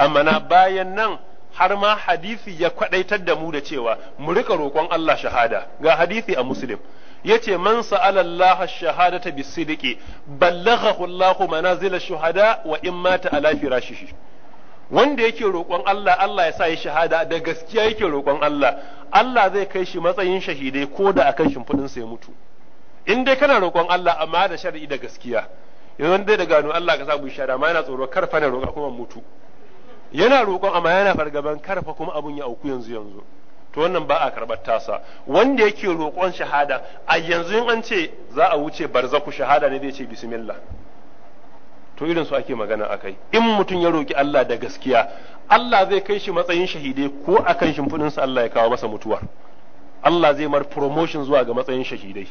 amma bayan nan har ma hadisi ya kwadaitar da mu da cewa mu rika roƙon Allah shahada ga hadisi a muslim yace man sa'ala Allah shahadata bis-sidqi ballaghahu Allah ash shuhada wa in mata ala firashihi wanda yake roƙon Allah Allah ya sa ya shahada da gaskiya yake roƙon Allah Allah zai kai shi matsayin shahidai ko da akan shimfiɗin sai mutu in dai kana roƙon Allah amma da shar'i da gaskiya yanzu dai da gano Allah ka sa mu shahada ma yana tsoro kar fa na roƙa kuma mutu yana roƙon amma yana fargaban karfa kuma abun ya auku yanzu yanzu to wannan ba a karɓar tasa wanda yake roƙon shahada a yanzu in an ce za a wuce barzaku shahada ne zai ce bismillah to irin su ake magana akai in mutum ya roƙi Allah da gaskiya Allah zai kai shi matsayin shahidai ko akan shimfiɗin sa Allah ya kawo masa mutuwa Allah zai mar promotion zuwa ga matsayin shahidai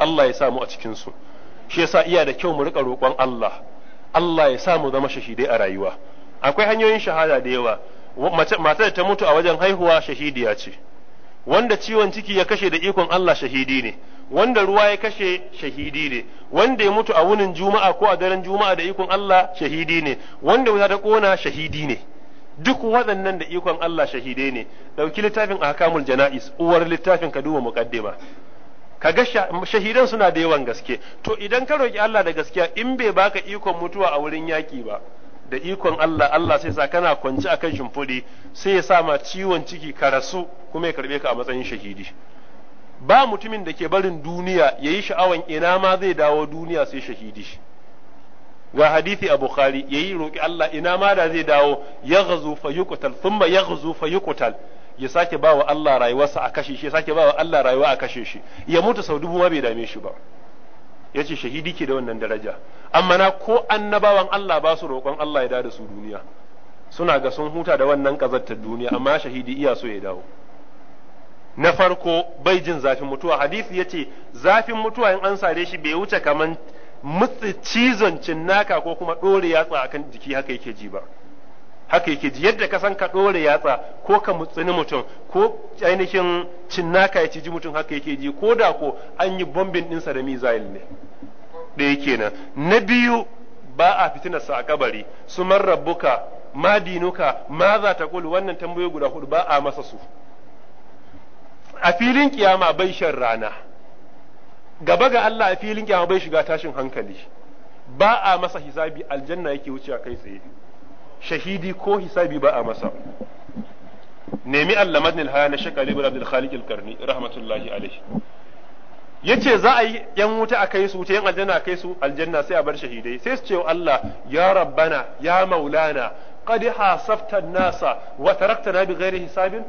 Allah ya sa mu a cikin su shi yasa iya da kyau mu riƙa roƙon Allah Allah ya sa mu zama shahidai a rayuwa akwai hanyoyin shahada da yawa matar da ta mutu a wajen haihuwa shahidiya ce wanda ciwon ciki ya kashe da ikon Allah shahidi ne wanda ruwa ya kashe shahidi ne wanda ya mutu a wunin juma'a ko a daren juma'a da ikon Allah shahidi ne wanda wuta ta kona shahidi ne duk waɗannan da ikon Allah shahide ne ɗauki littafin ahkamul jana'is uwar littafin ka duba muqaddima kaga shahidan suna da yawan gaske to idan ka roki Allah da gaskiya in bai baka ikon mutuwa a wurin yaki ba da ikon Allah Allah sai sa kana kwanci akan shimfiɗi sai ya sa ma ciwon ciki ka rasu kuma ya karbe ka a matsayin shahidi ba mutumin da ke barin duniya yayi sha'awan ina ma zai dawo duniya sai shahidi ga hadisi a bukhari yayi roki Allah ina ma da zai dawo ya gazu fa yuqtal thumma ya gazu fa yuqtal ya sake bawa Allah rayuwarsa a kashe shi ya sake bawa Allah rayuwa a kashe shi ya mutu sau dubu ma bai dame shi ba ya ce shahidi ke da wannan daraja amma na ko annabawan Allah ba su roƙon Allah ya da su duniya suna ga sun huta da wannan kazartar duniya amma shahidi iya so ya dawo na farko bai jin zafin mutuwa hadisi yace zafin mutuwa in an sare shi bai wuce kaman mutsi cizon cinnaka ko kuma ɗore yatsa akan jiki haka yake ji ba haka yake ji yadda ka san ka ɗora yatsa ko ka mutsini mutum ko ainihin cinna ka ya ciji mutum haka yake ji ko da ko an yi bombin ɗinsa da mizail ne ɗaya kenan na biyu ba a fitinarsa a kabari su rabbuka ma dinuka ma za ta kulu wannan tambayoyi guda hudu ba a masa su a filin kiyama bai shan rana gaba ga Allah a filin kiyama bai shiga tashin hankali ba a masa hisabi aljanna yake wuce kai tsaye shahidi ko hisabi ba a masa nemi allamadni haya na shakali ibn abdul khaliq al-karni rahmatullahi alayhi yace za a yi yan wuta a kai su wuta yan aljanna a kai su aljanna sai a bar shahidai sai su ce Allah ya rabbana ya maulana qad hasafta nasa wa taraktana bi ghairi hisabin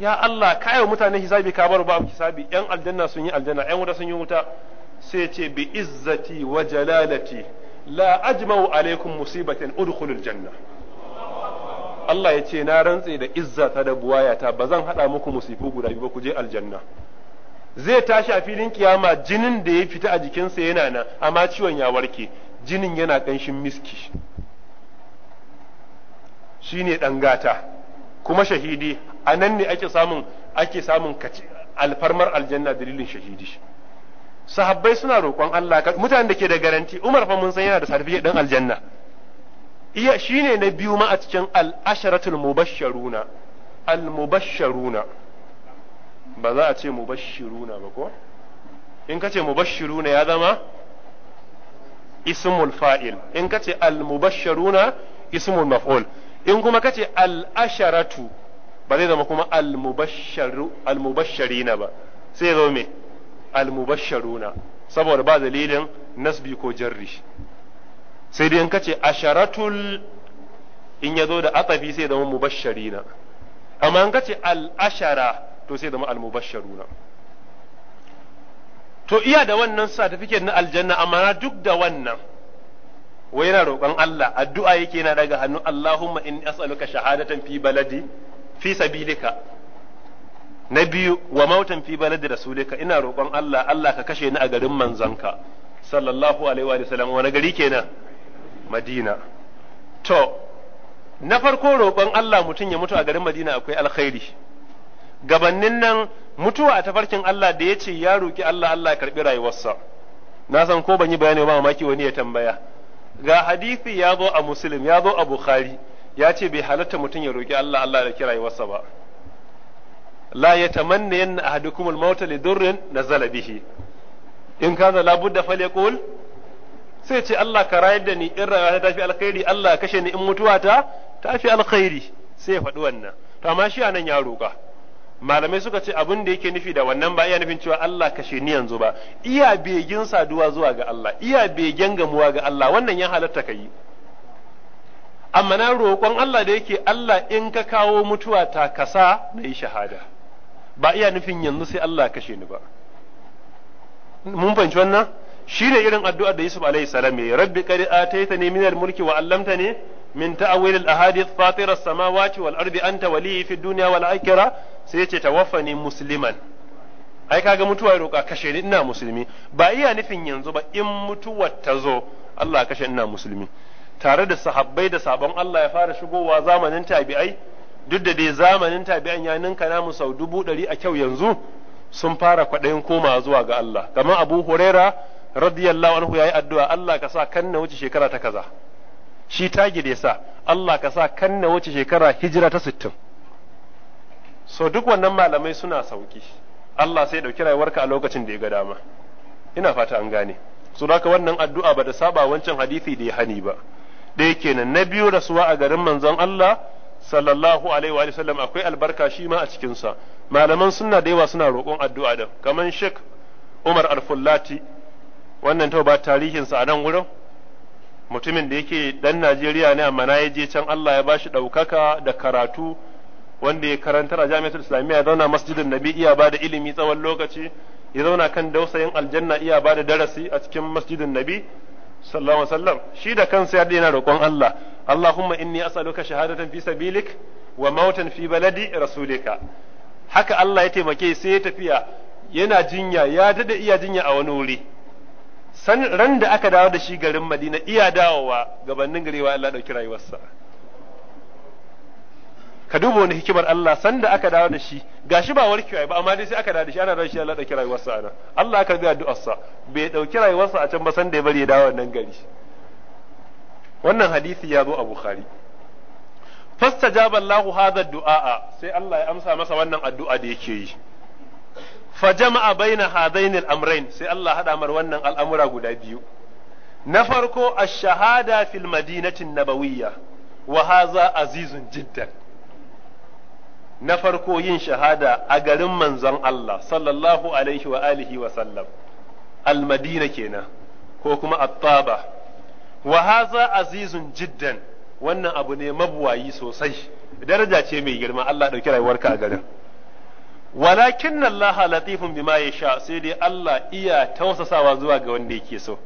ya Allah ka yi mutane hisabi ka bar ba hisabi yan aljanna sun yi aljanna yan wuta sun yi wuta sai ce bi izzati wa jalalati la ajma'u alaikum musibatan udkhulul janna Allah ya ce na rantse da izza ta da buwayata ba zan haɗa muku musifu guda biyu ba ku je aljanna zai tashi a filin kiyama jinin da ya fita a jikinsa yana nan amma ciwon ya warke jinin yana ƙanshin miski shine ɗan gata kuma shahidi a nan ne ake samun ake samun alfarmar aljanna dalilin shahidi sahabbai suna roƙon Allah mutanen da ke da garanti Umar fa mun san yana da sarfiye dan aljanna iya shine na biyu ma a cikin al-asharatul mubashsharuna al-mubashsharuna ba za a ce mubashshiruna ba ko in kace ce mubashshiruna ya zama ismul fa'il in kace ce al-mubashsharuna ismul maf'ul in kuma kace ce al-asharatu ba zai zama kuma al-mubashsharina ba sai ya zo me Almubasharuna saboda ba dalilin nasbi ko jarri sai dai in kace asharatul in yazo da atafi sai zama mubashsharina amma in kace al ashara to sai zama almubasharuna. to iya da wannan ke na aljanna amma duk da wannan wai yana roƙon Allah addu'a yake na daga hannu Allahumma inni as'aluka shahadatan fi baladi fi sabilika na biyu wa mautan fi baladi rasulika ina roƙon Allah Allah ka kashe ni a garin manzanka sallallahu alaihi wa sallam wani gari kenan Madina to na farko roƙon Allah mutum ya mutu a garin Madina akwai alkhairi gabannin nan mutuwa a tafarkin Allah da ya ce ya roƙi Allah Allah karɓi rayuwarsa na san ko ban yi bayani ba mamaki wani ya tambaya ga hadisi ya zo a Muslim ya zo a Bukhari ya ce bai halatta mutum ya roƙi Allah Allah da rayuwarsa ba la yatamanna yanna ahadukum al-maut li na nazala bihi in kana la budda kul sai ce Allah ka rayar da ni in rayuwa ta tafi alkhairi Allah kashe ni in mutuwa ta tafi alkhairi sai ya faɗi wannan to amma shi anan ya roka malamai suka ce abin da yake nufi da wannan ba iya nufin cewa Allah kashe ni yanzu ba iya begin saduwa zuwa ga Allah iya begen gamuwa ga Allah wannan ya halarta ka yi amma na roƙon Allah da yake Allah in ka kawo mutuwa ta kasa na yi shahada ba iya nufin yanzu sai Allah kashe ni ba mun fahimci wannan shine irin addu'ar da Yusuf alaihi salam yayi rabbi qad ataitani min al-mulki wa 'allamtani min ta'wil al-ahadith fatir as-samawati wal ardi anta wali fi dunya wal akhirah sai yace tawaffani musliman ai kaga mutuwa roƙa kashe ni ina musulmi ba iya nufin yanzu ba in mutuwar ta zo Allah kashe ina musulmi tare da sahabbai da sabon Allah ya fara shigowa zamanin tabi'ai duk da dai zamanin tabi'an ya ninka namu sau dubu ɗari a kyau yanzu sun fara kwaɗayin koma zuwa ga Allah kamar Abu Huraira radiyallahu anhu yi addu'a Allah ka sa kan na wuce shekara ta kaza shi ta ya sa Allah ka sa kan wuce shekara hijira ta sittin so duk wannan malamai suna sauki Allah sai ɗauki rayuwarka a lokacin da ya ga dama ina fata an gane so haka wannan addu'a ba da saba wancan hadisi da ya hani ba ɗaya kenan na biyu rasuwa a garin manzon Allah sallallahu alaihi wa sallam akwai albarka shi ma a cikinsa malaman sunna da yawa suna roƙon addu'a da kamar Sheikh Umar Al-Fullati wannan ta ba tarihin a nan wurin mutumin da yake dan Najeriya ne amma na je can Allah ya bashi ɗaukaka da karatu wanda ya karantar a jami'atul islamiyya ya zauna masjidin nabi iya ba da ilimi tsawon lokaci ya zauna kan dausayin aljanna iya ba da darasi a cikin masjidin nabi sallallahu alaihi wasallam shi da kansa ya daina roƙon Allah Allahumma inni as'aluka shahadatan fi sabilik wa mautan fi رسولك rasulika haka Allah ya taimake sai ya tafiya yana jinya ya dada iya jinya a wani wuri san ran da aka dawo da shi garin Madina iya dawowa gabanin garewa Allah dauki rayuwarsa ka duba wani hikimar Allah san da aka dawo da shi gashi ba warki ba amma dai sai aka dawo da shi ana dawo shi Allah dauki rayuwarsa ana Allah aka bi addu'arsa bai dauki rayuwarsa a can ba san da ya bari ya dawo nan gari wannan hadisi ya zo a bukhari fastajaba Allahu hadha du'a sai Allah ya amsa masa wannan addu'a da yake yi fa jama'a baina hadain al amrain sai Allah hada mar wannan al'amura guda biyu na farko ash-shahada fil madinatin nabawiyya wa hadha azizun jiddan na farko yin shahada a garin manzon Allah sallallahu alaihi wa alihi wa sallam al-madina kenan ko kuma at-taba wa haza azizun jiddan wannan abu ne mabuwayi sosai daraja ce mai girma Allah dauki rayuwarka a garin walakin laha latifun bima sha sai dai Allah iya tausasawa zuwa ga wanda yake so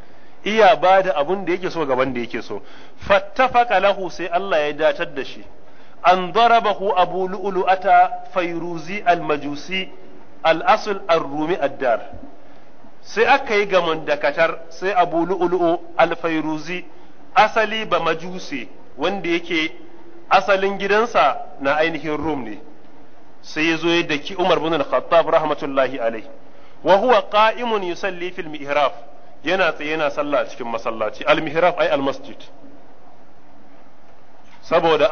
iya bada abun da yake so ga wanda yake so fattafaka lahu sai Allah ya datar da shi an darabahu abu lu'lu'ata fayruzi al-majusi al-asl ar-rumi ad-dar al majusi al asl al majusi al ar rumi ad dar sai aka yi gamon dakatar sai abu lu'ulu'u alfairuzi asali ba majuse wanda yake asalin gidansa na ainihin rum ne sai ya zo ya daki umar bin al-khattab rahmatullahi alaihi wa huwa qa'imun yusalli fil mihrab yana tsaye yana sallah cikin masallaci al-mihrab ay al-masjid saboda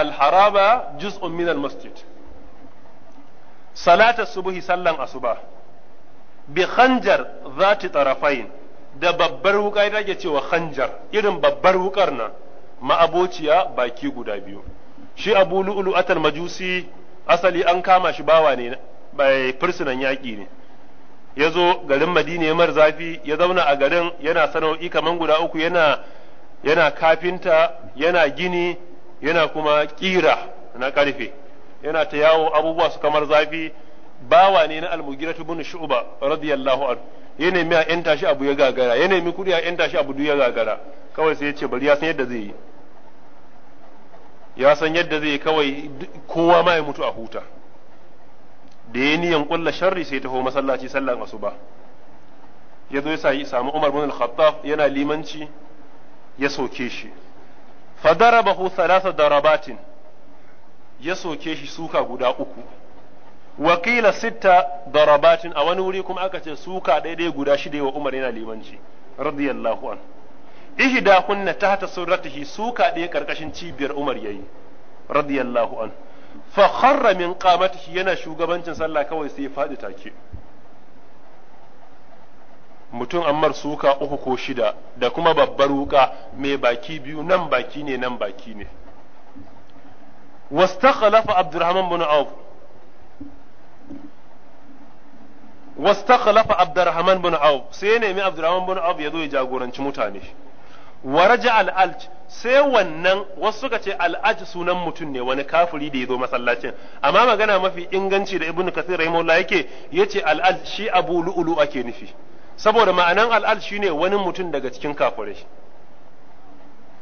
al-haraba juz'un min al-masjid salata subhi sallan asuba bi khanjar zati tarafain da babbar wuka ita ke cewa hanjar irin babbar wukar nan ma'abociya baki guda biyu shi abu lu'ulu atal majusi asali an kama shi bawa ne bai fursunan yaƙi ne ya zo garin madina mar zafi ya zauna a garin yana sana'o'i kaman guda uku yana yana kafinta yana gini yana kuma ƙira na ƙarfe yana ta yawo abubuwa su kamar zafi bawa ne na almugira ibn shu'ba radiyallahu anhu ya nemi a yan tashi abu ya gagara ya nemi kuɗi a yan tashi abu ya gagara kawai sai ya ce bari ya san yadda zai yi ya san yadda zai kawai kowa ma ya mutu a huta da ya niyan kulla sharri sai taho masallaci sallan asuba ya zo ya samu Umar bin al-Khattab yana limanci ya soke shi fadarabahu thalatha darabatin ya soke shi suka guda uku wakila sitta darabatin a wani wuri kuma aka ce suka daidai guda shida wa Umar yana limanci radiyallahu an ihda kunna tahta surratihi suka ɗaya karkashin cibiyar Umar yayi radiyallahu an fa kharra min qamatihi yana shugabancin sallah kawai sai fadi faɗi take mutum ammar suka uku ko shida da kuma babbar wuka mai baki biyu nan baki ne nan baki ne wastakhalafa abdurrahman bin auf wastakhlafa abdurrahman bin Aw sai ya nemi abdurrahman bin Aw ya zo ya jagoranci mutane waraja raja sai wannan wasu suka ce sunan mutum ne wani kafiri da ya zo masallacin amma magana mafi inganci da ibnu kathir rahimahullah yake yace al'aj shi abu lu'lu ake nufi saboda ma'anan al'aj shine wani mutum daga cikin kafirai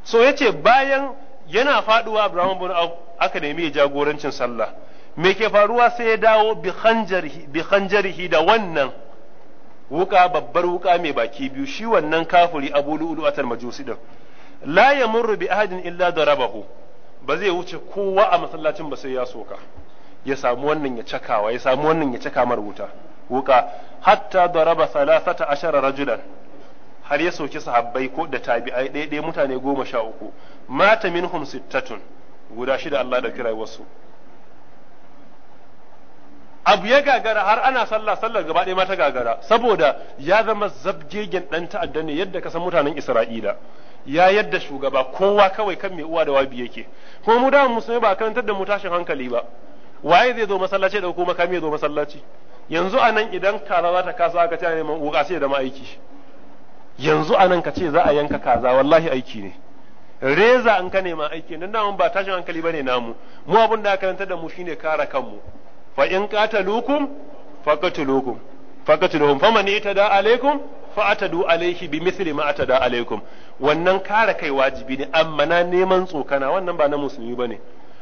so yace bayan yana faduwa abdurrahman bin auf aka nemi jagorancin sallah me ke faruwa sai ya dawo bi khanjarihi da wannan wuka babbar wuka mai baki biyu shi wannan kafuri abu lu'ulu atal majusi din la yamurru bi ahadin illa darabahu ba zai wuce kowa a masallacin ba sai ya soka ya samu wannan ya cakawa ya samu wannan ya caka mar wuta wuka hatta daraba thalathata ashara rajulan har ya soki sahabbai ko da tabi'ai ɗaya mutane goma sha uku mata minhum sittatun guda shida Allah da kira wasu abu ya gagara har ana sallah sallar gaba ɗaya ma ta gagara saboda ya zama zabgegen ɗan ta'adda ne yadda ka san mutanen Isra'ila ya yadda shugaba kowa kawai kan mai uwa da wabi yake kuma mu dama musulmi ba a karantar da mu tashin hankali ba waye zai zo masallaci da kuma makami ya zo masallaci yanzu a nan idan kaza za ta kasa aka ce neman uka sai da ma'aiki yanzu a nan ka ce za a yanka kaza wallahi aiki ne reza an ka nema aiki nan ba tashin hankali ba ne namu mu abun da aka karantar da mu shine kare kanmu fa in qataluukum faqatuluukum faqatuluhum faman itada alaikum fa atadu alaihi bi misli ma atada wannan kare kai wajibi ne amma na neman tsokana wannan ba na musulmi ne.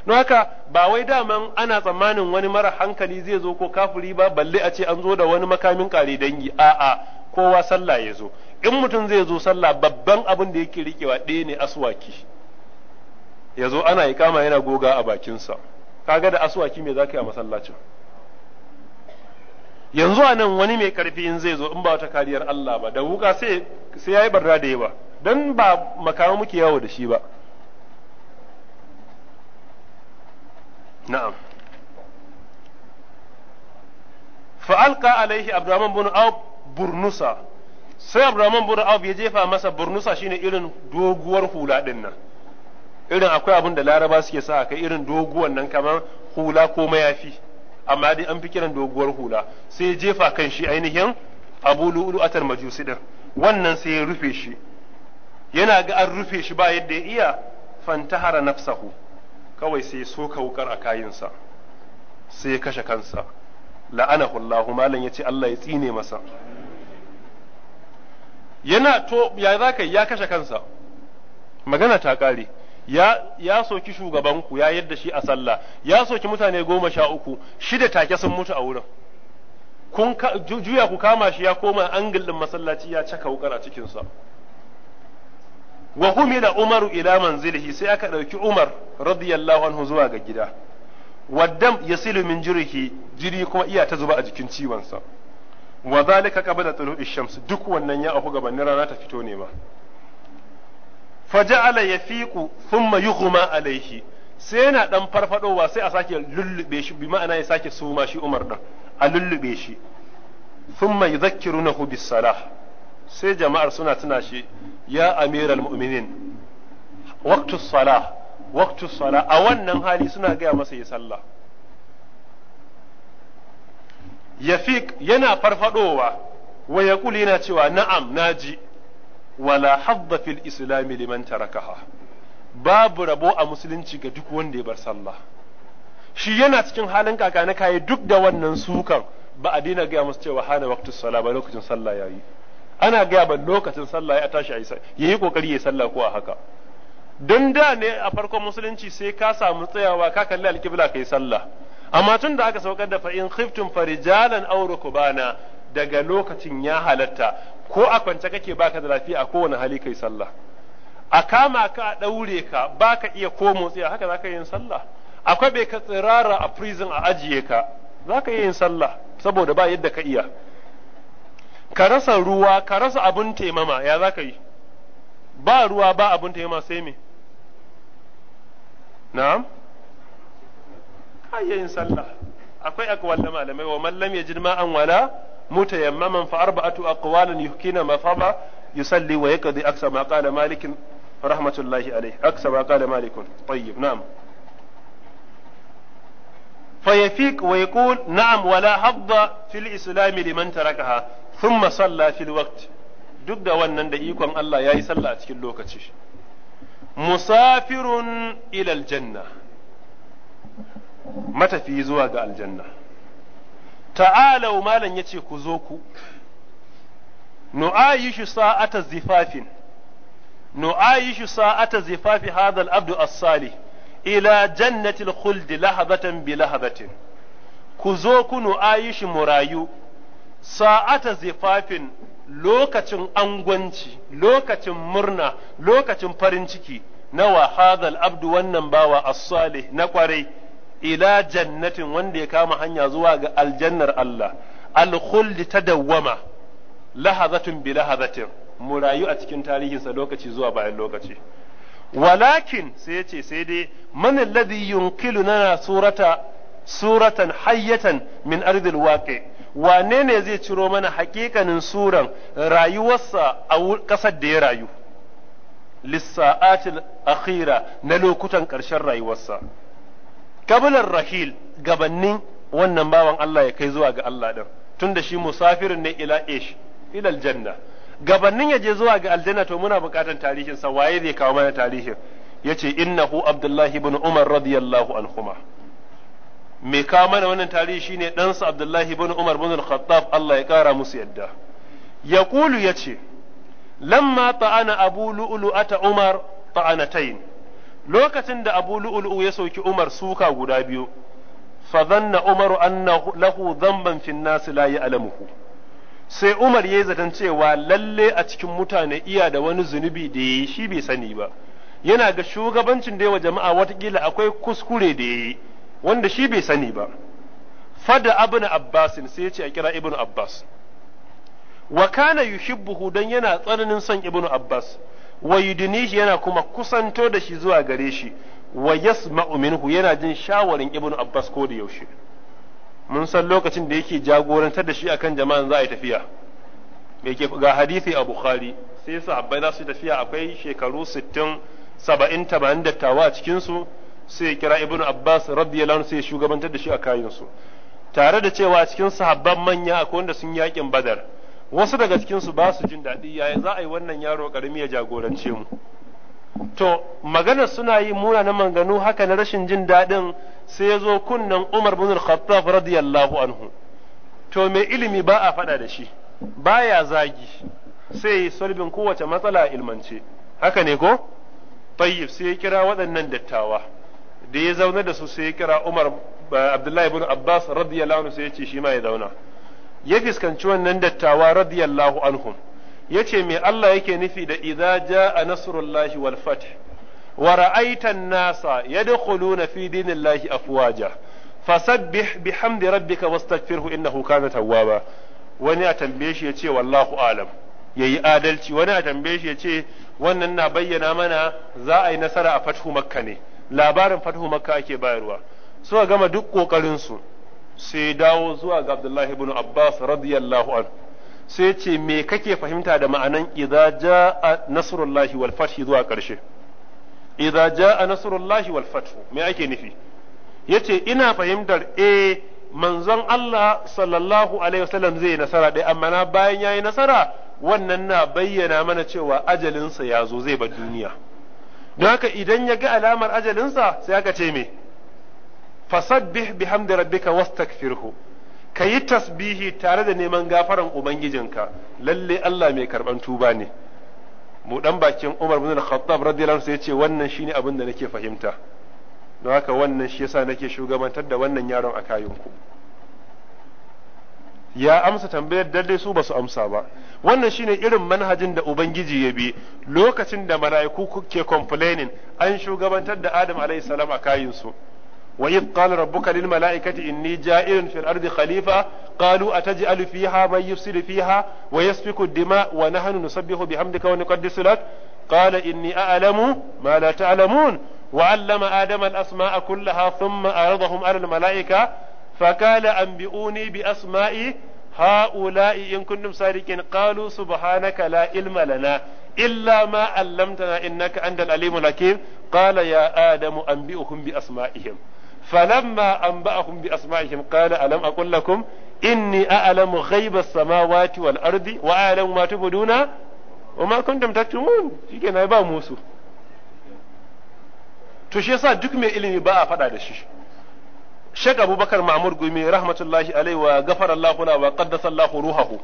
don haka ba wai daman ana tsammanin wani mara hankali zai zo ko kafiri ba balle a ce an zo da wani makamin kare dangi a'a kowa sallah ya zo in mutum zai zo sallah babban abin da yake rikewa ɗaya ne aswaki ya zo ana ikama yana goga a bakinsa kaga da asuwaki me zaka yi a masallacin yanzu a nan wani mai karfi in zai zo in ba wata kariyar Allah ba da wuka sai sai yayi barra da yawa dan ba makama muke yawo da shi ba na'am fa alqa alaihi abdurrahman bin auf burnusa sai abdurrahman bin auf ya jefa masa burnusa shine irin doguwar hula din irin akwai abin da laraba suke sa a kai irin doguwan nan kamar hula ko mayafi amma dai an fi kiran doguwar hula sai ya jefa kan shi ainihin abu lu'ulu atar majusi din wannan sai ya rufe shi yana ga an rufe shi ba yadda ya iya fantahara nafsahu kawai sai soka wukar a kayinsa sai ya kashe kansa la'anahu Allah malam yace Allah ya tsine masa yana to ya zaka ya kashe kansa magana ta kare ya ya soki shugabanku ya yadda shi a sallah ya soki mutane goma sha uku shida take sun mutu a wurin kun juya ku kama shi ya koma angil din masallaci ya caka wukar a cikin sa wa humila umaru ila manzilihi sai aka ɗauki umar radiyallahu anhu zuwa ga gida waddam yasilu min jirihi jiri kuma iya ta zuba a jikin ciwon sa wa zalika qabla tulu'i shams duk wannan ya afu gabanin rana ta fito ne ma faja'ala yafiqu thumma yughma alaihi sai yana dan farfadowa sai a sake lullube shi bi ma'ana ya sake suma shi Umar da a lullube shi thumma yudhakkirunahu bis salah sai jama'ar suna tuna shi ya amiral mu'minin waqtu salah waqtu salah a wannan hali suna gaya masa ya sallah yafiq yana farfadowa wa yaqulu yana cewa na'am naji wala hadda fil islam liman tarakaha babu rabo a musulunci ga duk wanda ya bar sallah shi yana cikin halin kaka na duk da wannan sukan ba a dina gaya musu cewa hana waqtus sala ba lokacin sallah yayi ana gaya ba lokacin sallah ya tashi ayi yayi kokari ya sallah ko a haka don da ne a farkon musulunci sai ka samu tsayawa ka kalli alkibla kai sallah amma tun da aka saukar da fa in khiftum farijalan aw rukbana daga lokacin ya halatta ko a kwance kake baka da lafiya a kowane hali kai sallah a kama ka a ɗaure ka baka iya ko motsi haka zaka yin sallah akwai bai ka tsirara a prison a ajiye ka zaka yin sallah saboda ba yadda ka iya ka rasa ruwa ka rasa abun taimama ya zaka yi ba ruwa ba abun taimama sai me na'am ka yin sallah akwai akwai malamai wa mallam ya jirma an wala متيمما فأربعة أقوال يحكينا ما فضى يصلي ويقضي أقصى ما قال مالك رحمة الله عليه أقصى ما قال مالك طيب نعم فيفيق ويقول نعم ولا حظ في الإسلام لمن تركها ثم صلى في الوقت duk da wannan da ikon Allah ya yi sallah a cikin lokaci musafirun ilal janna matafi zuwa ga aljanna ta'alau malam yace ku zo ku nu'ayishu sa'ata zifafin nu'ayishu sa'ata zifafi hadha al-abdu as-salih ila jannatil khuld lahabatan bi lahabatin ku zo ku nu'ayishu murayu sa'ata zifafin lokacin angwanci lokacin murna lokacin farin ciki nawa hadha al-abdu wannan bawa as-salih na kwarai ila jannatin wanda ya kama hanya zuwa ga aljannar Allah ta tadawwama lahazatin bi lahazatin mu rayu a cikin tarihinsa lokaci zuwa bayan lokaci walakin sai yace ce sai dai man alladhi lana surata suratan hayyatan min ardil waqi wane ne zai ciro mana hakikanin suran rayuwarsa a kasar da ya rayu lissa'atil akhira na lokutan ƙarshen rayuwarsa kabilar rahil gabannin wannan bawan Allah ya kai zuwa ga Allah din tunda shi musafirin ne ila ish ila aljanna gabannin ya je zuwa ga aljanna to muna buƙatar tarihin sa waye zai kawo mana tarihin yace innahu abdullahi ibn umar radiyallahu anhuma me kawo mana wannan tarihi shine ɗansa abdullahi ibn umar ibn al-khattab Allah ya kara musu yadda ya yaqulu yace lamma ta'ana abu lu'lu'ata umar ta'anatayn lokacin da abu ya sauki umar suka guda biyu fa zanna umaru anna lahu dhanban fin nas la ya'lamuhu sai umar yayi zaton cewa lalle a cikin mutane iya da wani zunubi da yayi shi bai sani ba yana ga shugabancin da yawa jama'a watakila akwai kuskure da yayi wanda shi bai sani ba fada abin abbasin sai ya ce a kira ibnu abbas wa kana yushibbuhu dan yana tsananin son ibnu abbas wa shi yana kuma kusanto da shi zuwa gare shi wa yasma'u minhu yana jin shawarin ibnu abbas ko da yaushe mun san lokacin da yake jagorantar da shi akan jama'an za a yi tafiya yake ga hadisi a bukhari sai sahabbai za su tafiya akwai shekaru 60 70 da dattawa a cikin su sai kira ibnu abbas radiyallahu anhu sai shugabantar da shi a kayan su tare da cewa a cikin sahabban manya akwai wanda sun yakin badar wasu daga cikinsu ba su jin daɗi yaya za a yi wannan yaro ƙarami ya jagorance mu to maganar suna yi munanan manganu haka na rashin jin daɗin sai ya zo kunnen umar bin khattab radiyallahu anhu to mai ilimi ba a faɗa da shi baya zagi sai yi sulbin kowace matsala ilmance haka ne ko tayyib sai ya kira waɗannan dattawa da ya zauna da su sai ya kira umar abdullahi bin abbas radiyallahu anhu sai ya ce shi ma ya zauna ya fiskanci wannan dattawa radiyallahu anhum yace me Allah yake nufi da idza jaa nasrullahi wal fath wa ra'aita an-nasa yadkhuluna fi dinillahi afwaja fasabbih bihamdi rabbika wastaghfirhu innahu kana tawwaba wani a tambaye shi yace wallahu alam yayi adalci wani a tambaye shi yace wannan na bayyana mana za a yi nasara a fathu makka ne labarin fathu makka ake bayarwa suka gama duk kokarin su sai dawo zuwa ga Abdullahi ibn Abbas radiyallahu an sai ce me kake fahimta da ma'anan idza jaa nasrullahi wal fath zuwa karshe idza jaa nasrullahi wal fath me ake nufi yace ina fahimtar e manzon Allah sallallahu alaihi wasallam zai nasara dai amma na bayan yayi nasara wannan na bayyana mana cewa ajalinsa ya zo zai ba duniya don haka idan ya ga alamar ajalinsa sai aka ce me fasabbih bihamdi rabbika wastaghfirhu kayi tasbihi tare da neman gafaran ubangijinka lalle Allah mai karban tuba ne mu dan bakin Umar bin khattab radiyallahu anhu sai yace wannan shine abin da nake fahimta don haka wannan shi yasa nake shugabantar da wannan yaron a kayanku ya amsa tambayar dalle su basu amsa ba wannan shine irin manhajin da ubangiji ya bi lokacin da mala'iku ke complaining an shugabantar da Adam alayhi salam a kayansu. وإذ قال ربك للملائكة إني جائر في الأرض خليفة قالوا أتجعل فيها من يفسد فيها ويسفك الدماء ونحن نسبح بحمدك ونقدس لك قال إني أعلم ما لا تعلمون وعلم آدم الأسماء كلها ثم أعرضهم على الملائكة فقال أنبئوني بأسماء هؤلاء إن كنتم صادقين قالوا سبحانك لا علم لنا إلا ما علمتنا إنك أنت العليم الحكيم قال يا آدم أنبئهم بأسمائهم فلما أنبأهم بأسمائهم قال ألم أقل لكم إني أعلم غيب السماوات والأرض وأعلم ما تبدون وما كنتم تكتمون شيكنا ba musu. to shi duk mai ilimi ba a faɗa da shi Sheikh Abubakar Ma'mur Gumi rahmatullahi alaihi wa ghafara Allahu wa qaddasa Allahu ruhahu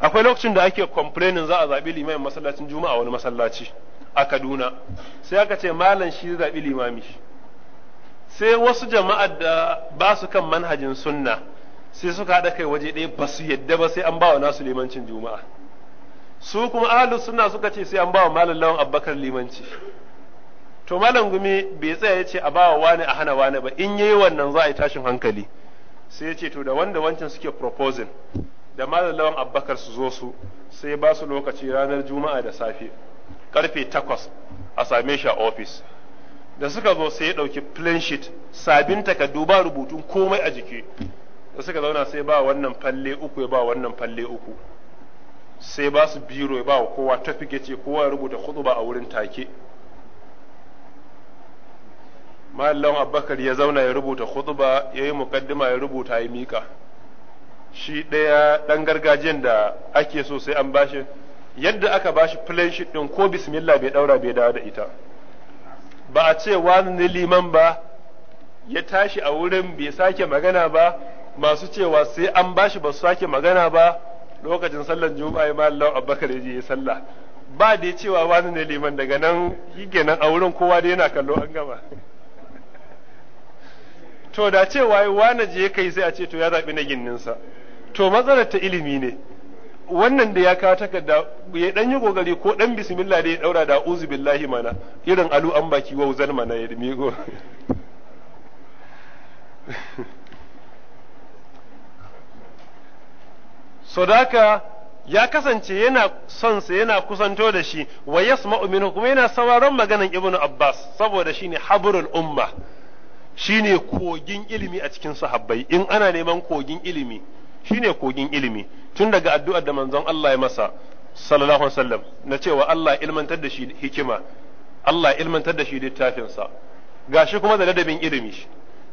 akwai lokacin da ake complaining za a zabi limamin masallacin Juma'a wani masallaci a Kaduna sai aka ce malam shi zabi limami shi sai wasu jama'ar da ba su kan manhajin sunna sai suka haɗa kai waje ɗaya ba su yadda ba sai an ba wa nasu limancin juma'a su kuma ahlus sunna suka ce sai an ba malam lawan abbakar limanci to malam gumi bai tsaya ya ce a bawa wani a hana wani ba in yayi wannan za a yi tashin hankali sai ya ce to da wanda wancan suke proposing da malam lawan abbakar su zo su sai ba su lokaci ranar juma'a da safe karfe takwas a same shi a ofis da suka zo sai ya ɗauki plain sheet sabin takardu ba rubutun komai a jiki da suka zauna sai ba wannan falle uku ya ba wannan falle uku sai ba su biro ya ba wa kowa tafi ya ce kowa ya rubuta ba a wurin take mallam abbakar ya zauna ya rubuta ba ya yi mukaddima ya rubuta ya mika shi ɗaya ɗan gargajiyan da ake so sai an bashi yadda aka bashi plain sheet ɗin ko bismillah bai ɗaura bai dawo da ita ba a ce wani ne liman ba ya tashi a wurin bai sake magana ba masu cewa sai an bashi ba su sake magana ba lokacin sallar juma'a ma Allah Abubakar ya je ya sallah ba da cewa wani ne liman daga nan nan a wurin kowa da yana kallo an gama to da cewa wani je kai sai a ce to ya zaɓi na ginninsa to matsalar ta ilimi ne wannan da ya kawo takarda ya dan yi kokari ko dan bismillah da ya daura da uzu billahi mana irin alu an baki wauzan mana ya migo sadaka ya kasance yana son sa yana kusanto da shi wa yasma'u minhu kuma yana sauraron maganan ibnu abbas saboda shine habrul umma shine kogin ilimi a cikin sahabbai in ana neman kogin ilimi shine kogin ilimi tun daga addu'ar da manzon Allah ya masa sallallahu alaihi wasallam na cewa Allah ilmantar da shi hikima Allah ilmantar da shi littafinsa gashi kuma da ladabin ilimi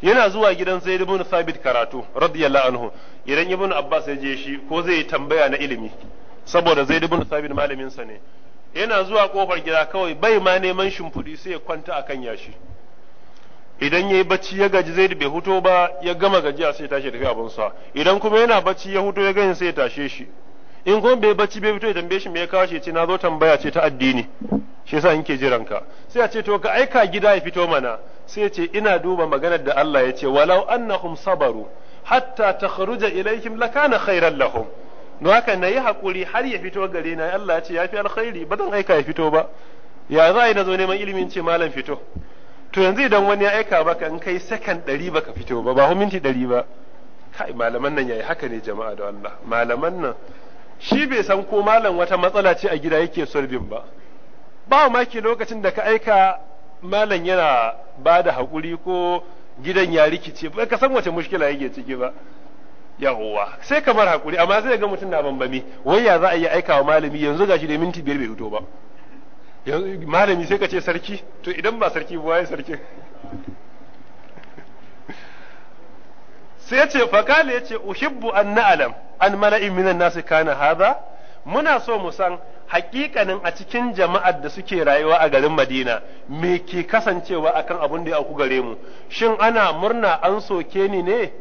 yana zuwa gidan Zaid ibn Thabit karatu radiyallahu anhu idan ibn Abbas ya je shi ko zai yi tambaya na ilimi saboda Zaid ibn Thabit malamin sa ne yana zuwa kofar gida kawai bai ma neman shimfudi sai ya kwanta akan yashi idan yayi bacci ya gaji zai bai huto ba ya gama gajiya sai tashi tafi abin sa idan kuma yana bacci ya huto ya gani sai ya tashe shi in kuma bai bacci bai fito ya tambaye shi me ya kawo shi ce na zo tambaya ce ta addini shi yasa in ke jiran ka sai a ce to ka aika gida ya fito mana sai ce ina duba maganar da Allah ya ce walau annahum sabaru hatta takhruja ilaihim lakana khairan lahum don haka yi hakuri har ya fito gare na Allah ya ce yafi alkhairi ba zan aika ya fito ba ya za na zo neman ilimin ce malam fito to yanzu idan wani ya aika maka in kai sakan ɗari ba ka fito ba ba minti ɗari ba kai malaman nan yayi haka ne jama'a da Allah malaman nan shi bai san ko malam wata matsala ce a gida yake solving ba ba maki lokacin da ka aika malam yana ba da haƙuri ko gidan ya rikice ba ka san wace mushkila yake ciki ba yawwa sai kamar haƙuri amma zai ga mutum na bambami wai ya za a yi aika wa malami yanzu gashi da minti biyar bai fito ba malami sai ka ce sarki to idan ba sarki ba waye sarki sai ya ce fakali ya ce uhibbu an na'alam an mala'i minan nasu kana haza muna so mu san hakikanin a cikin jama'ar da suke rayuwa a garin Madina me ke kasancewa akan abun da ya auku gare mu shin ana murna an soke ni ne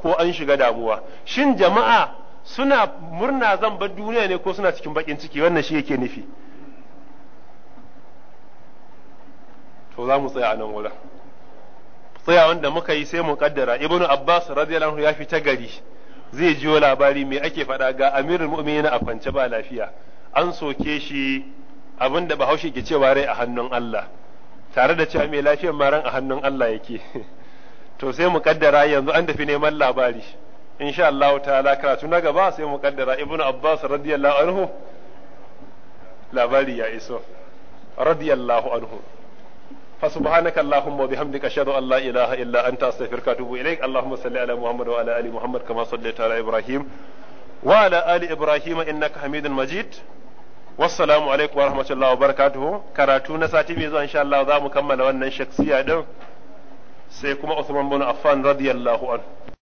ko an shiga damuwa shin jama'a suna murna zan bar duniya ne ko suna cikin bakin ciki wannan shi yake nufi to za mu tsaya a nan wurin tsayawan da muka yi sai mu kaddara ibnu abbas radiyallahu ya fita gari zai ji labari me ake faɗa ga amirul mu'minin a kwance ba lafiya an soke shi abinda bahaushe ke cewa rai a hannun Allah tare da cewa mai lafiyar maran a hannun Allah yake to sai mu kaddara yanzu an tafi neman labari insha Allah ta'ala karatu na gaba sai mu kaddara ibnu abbas radiyallahu anhu labari ya iso radiyallahu anhu fa subhanaka allahumma wa bihamdika ilaha illa anta astaghfiruka wa atubu ilaik allahumma salli ala muhammad ali muhammad innaka hamidun majid wassalamu alaikum barakatuhu karatu na sati mai zuwa insha za mu kammala wannan shaksiya din sai kuma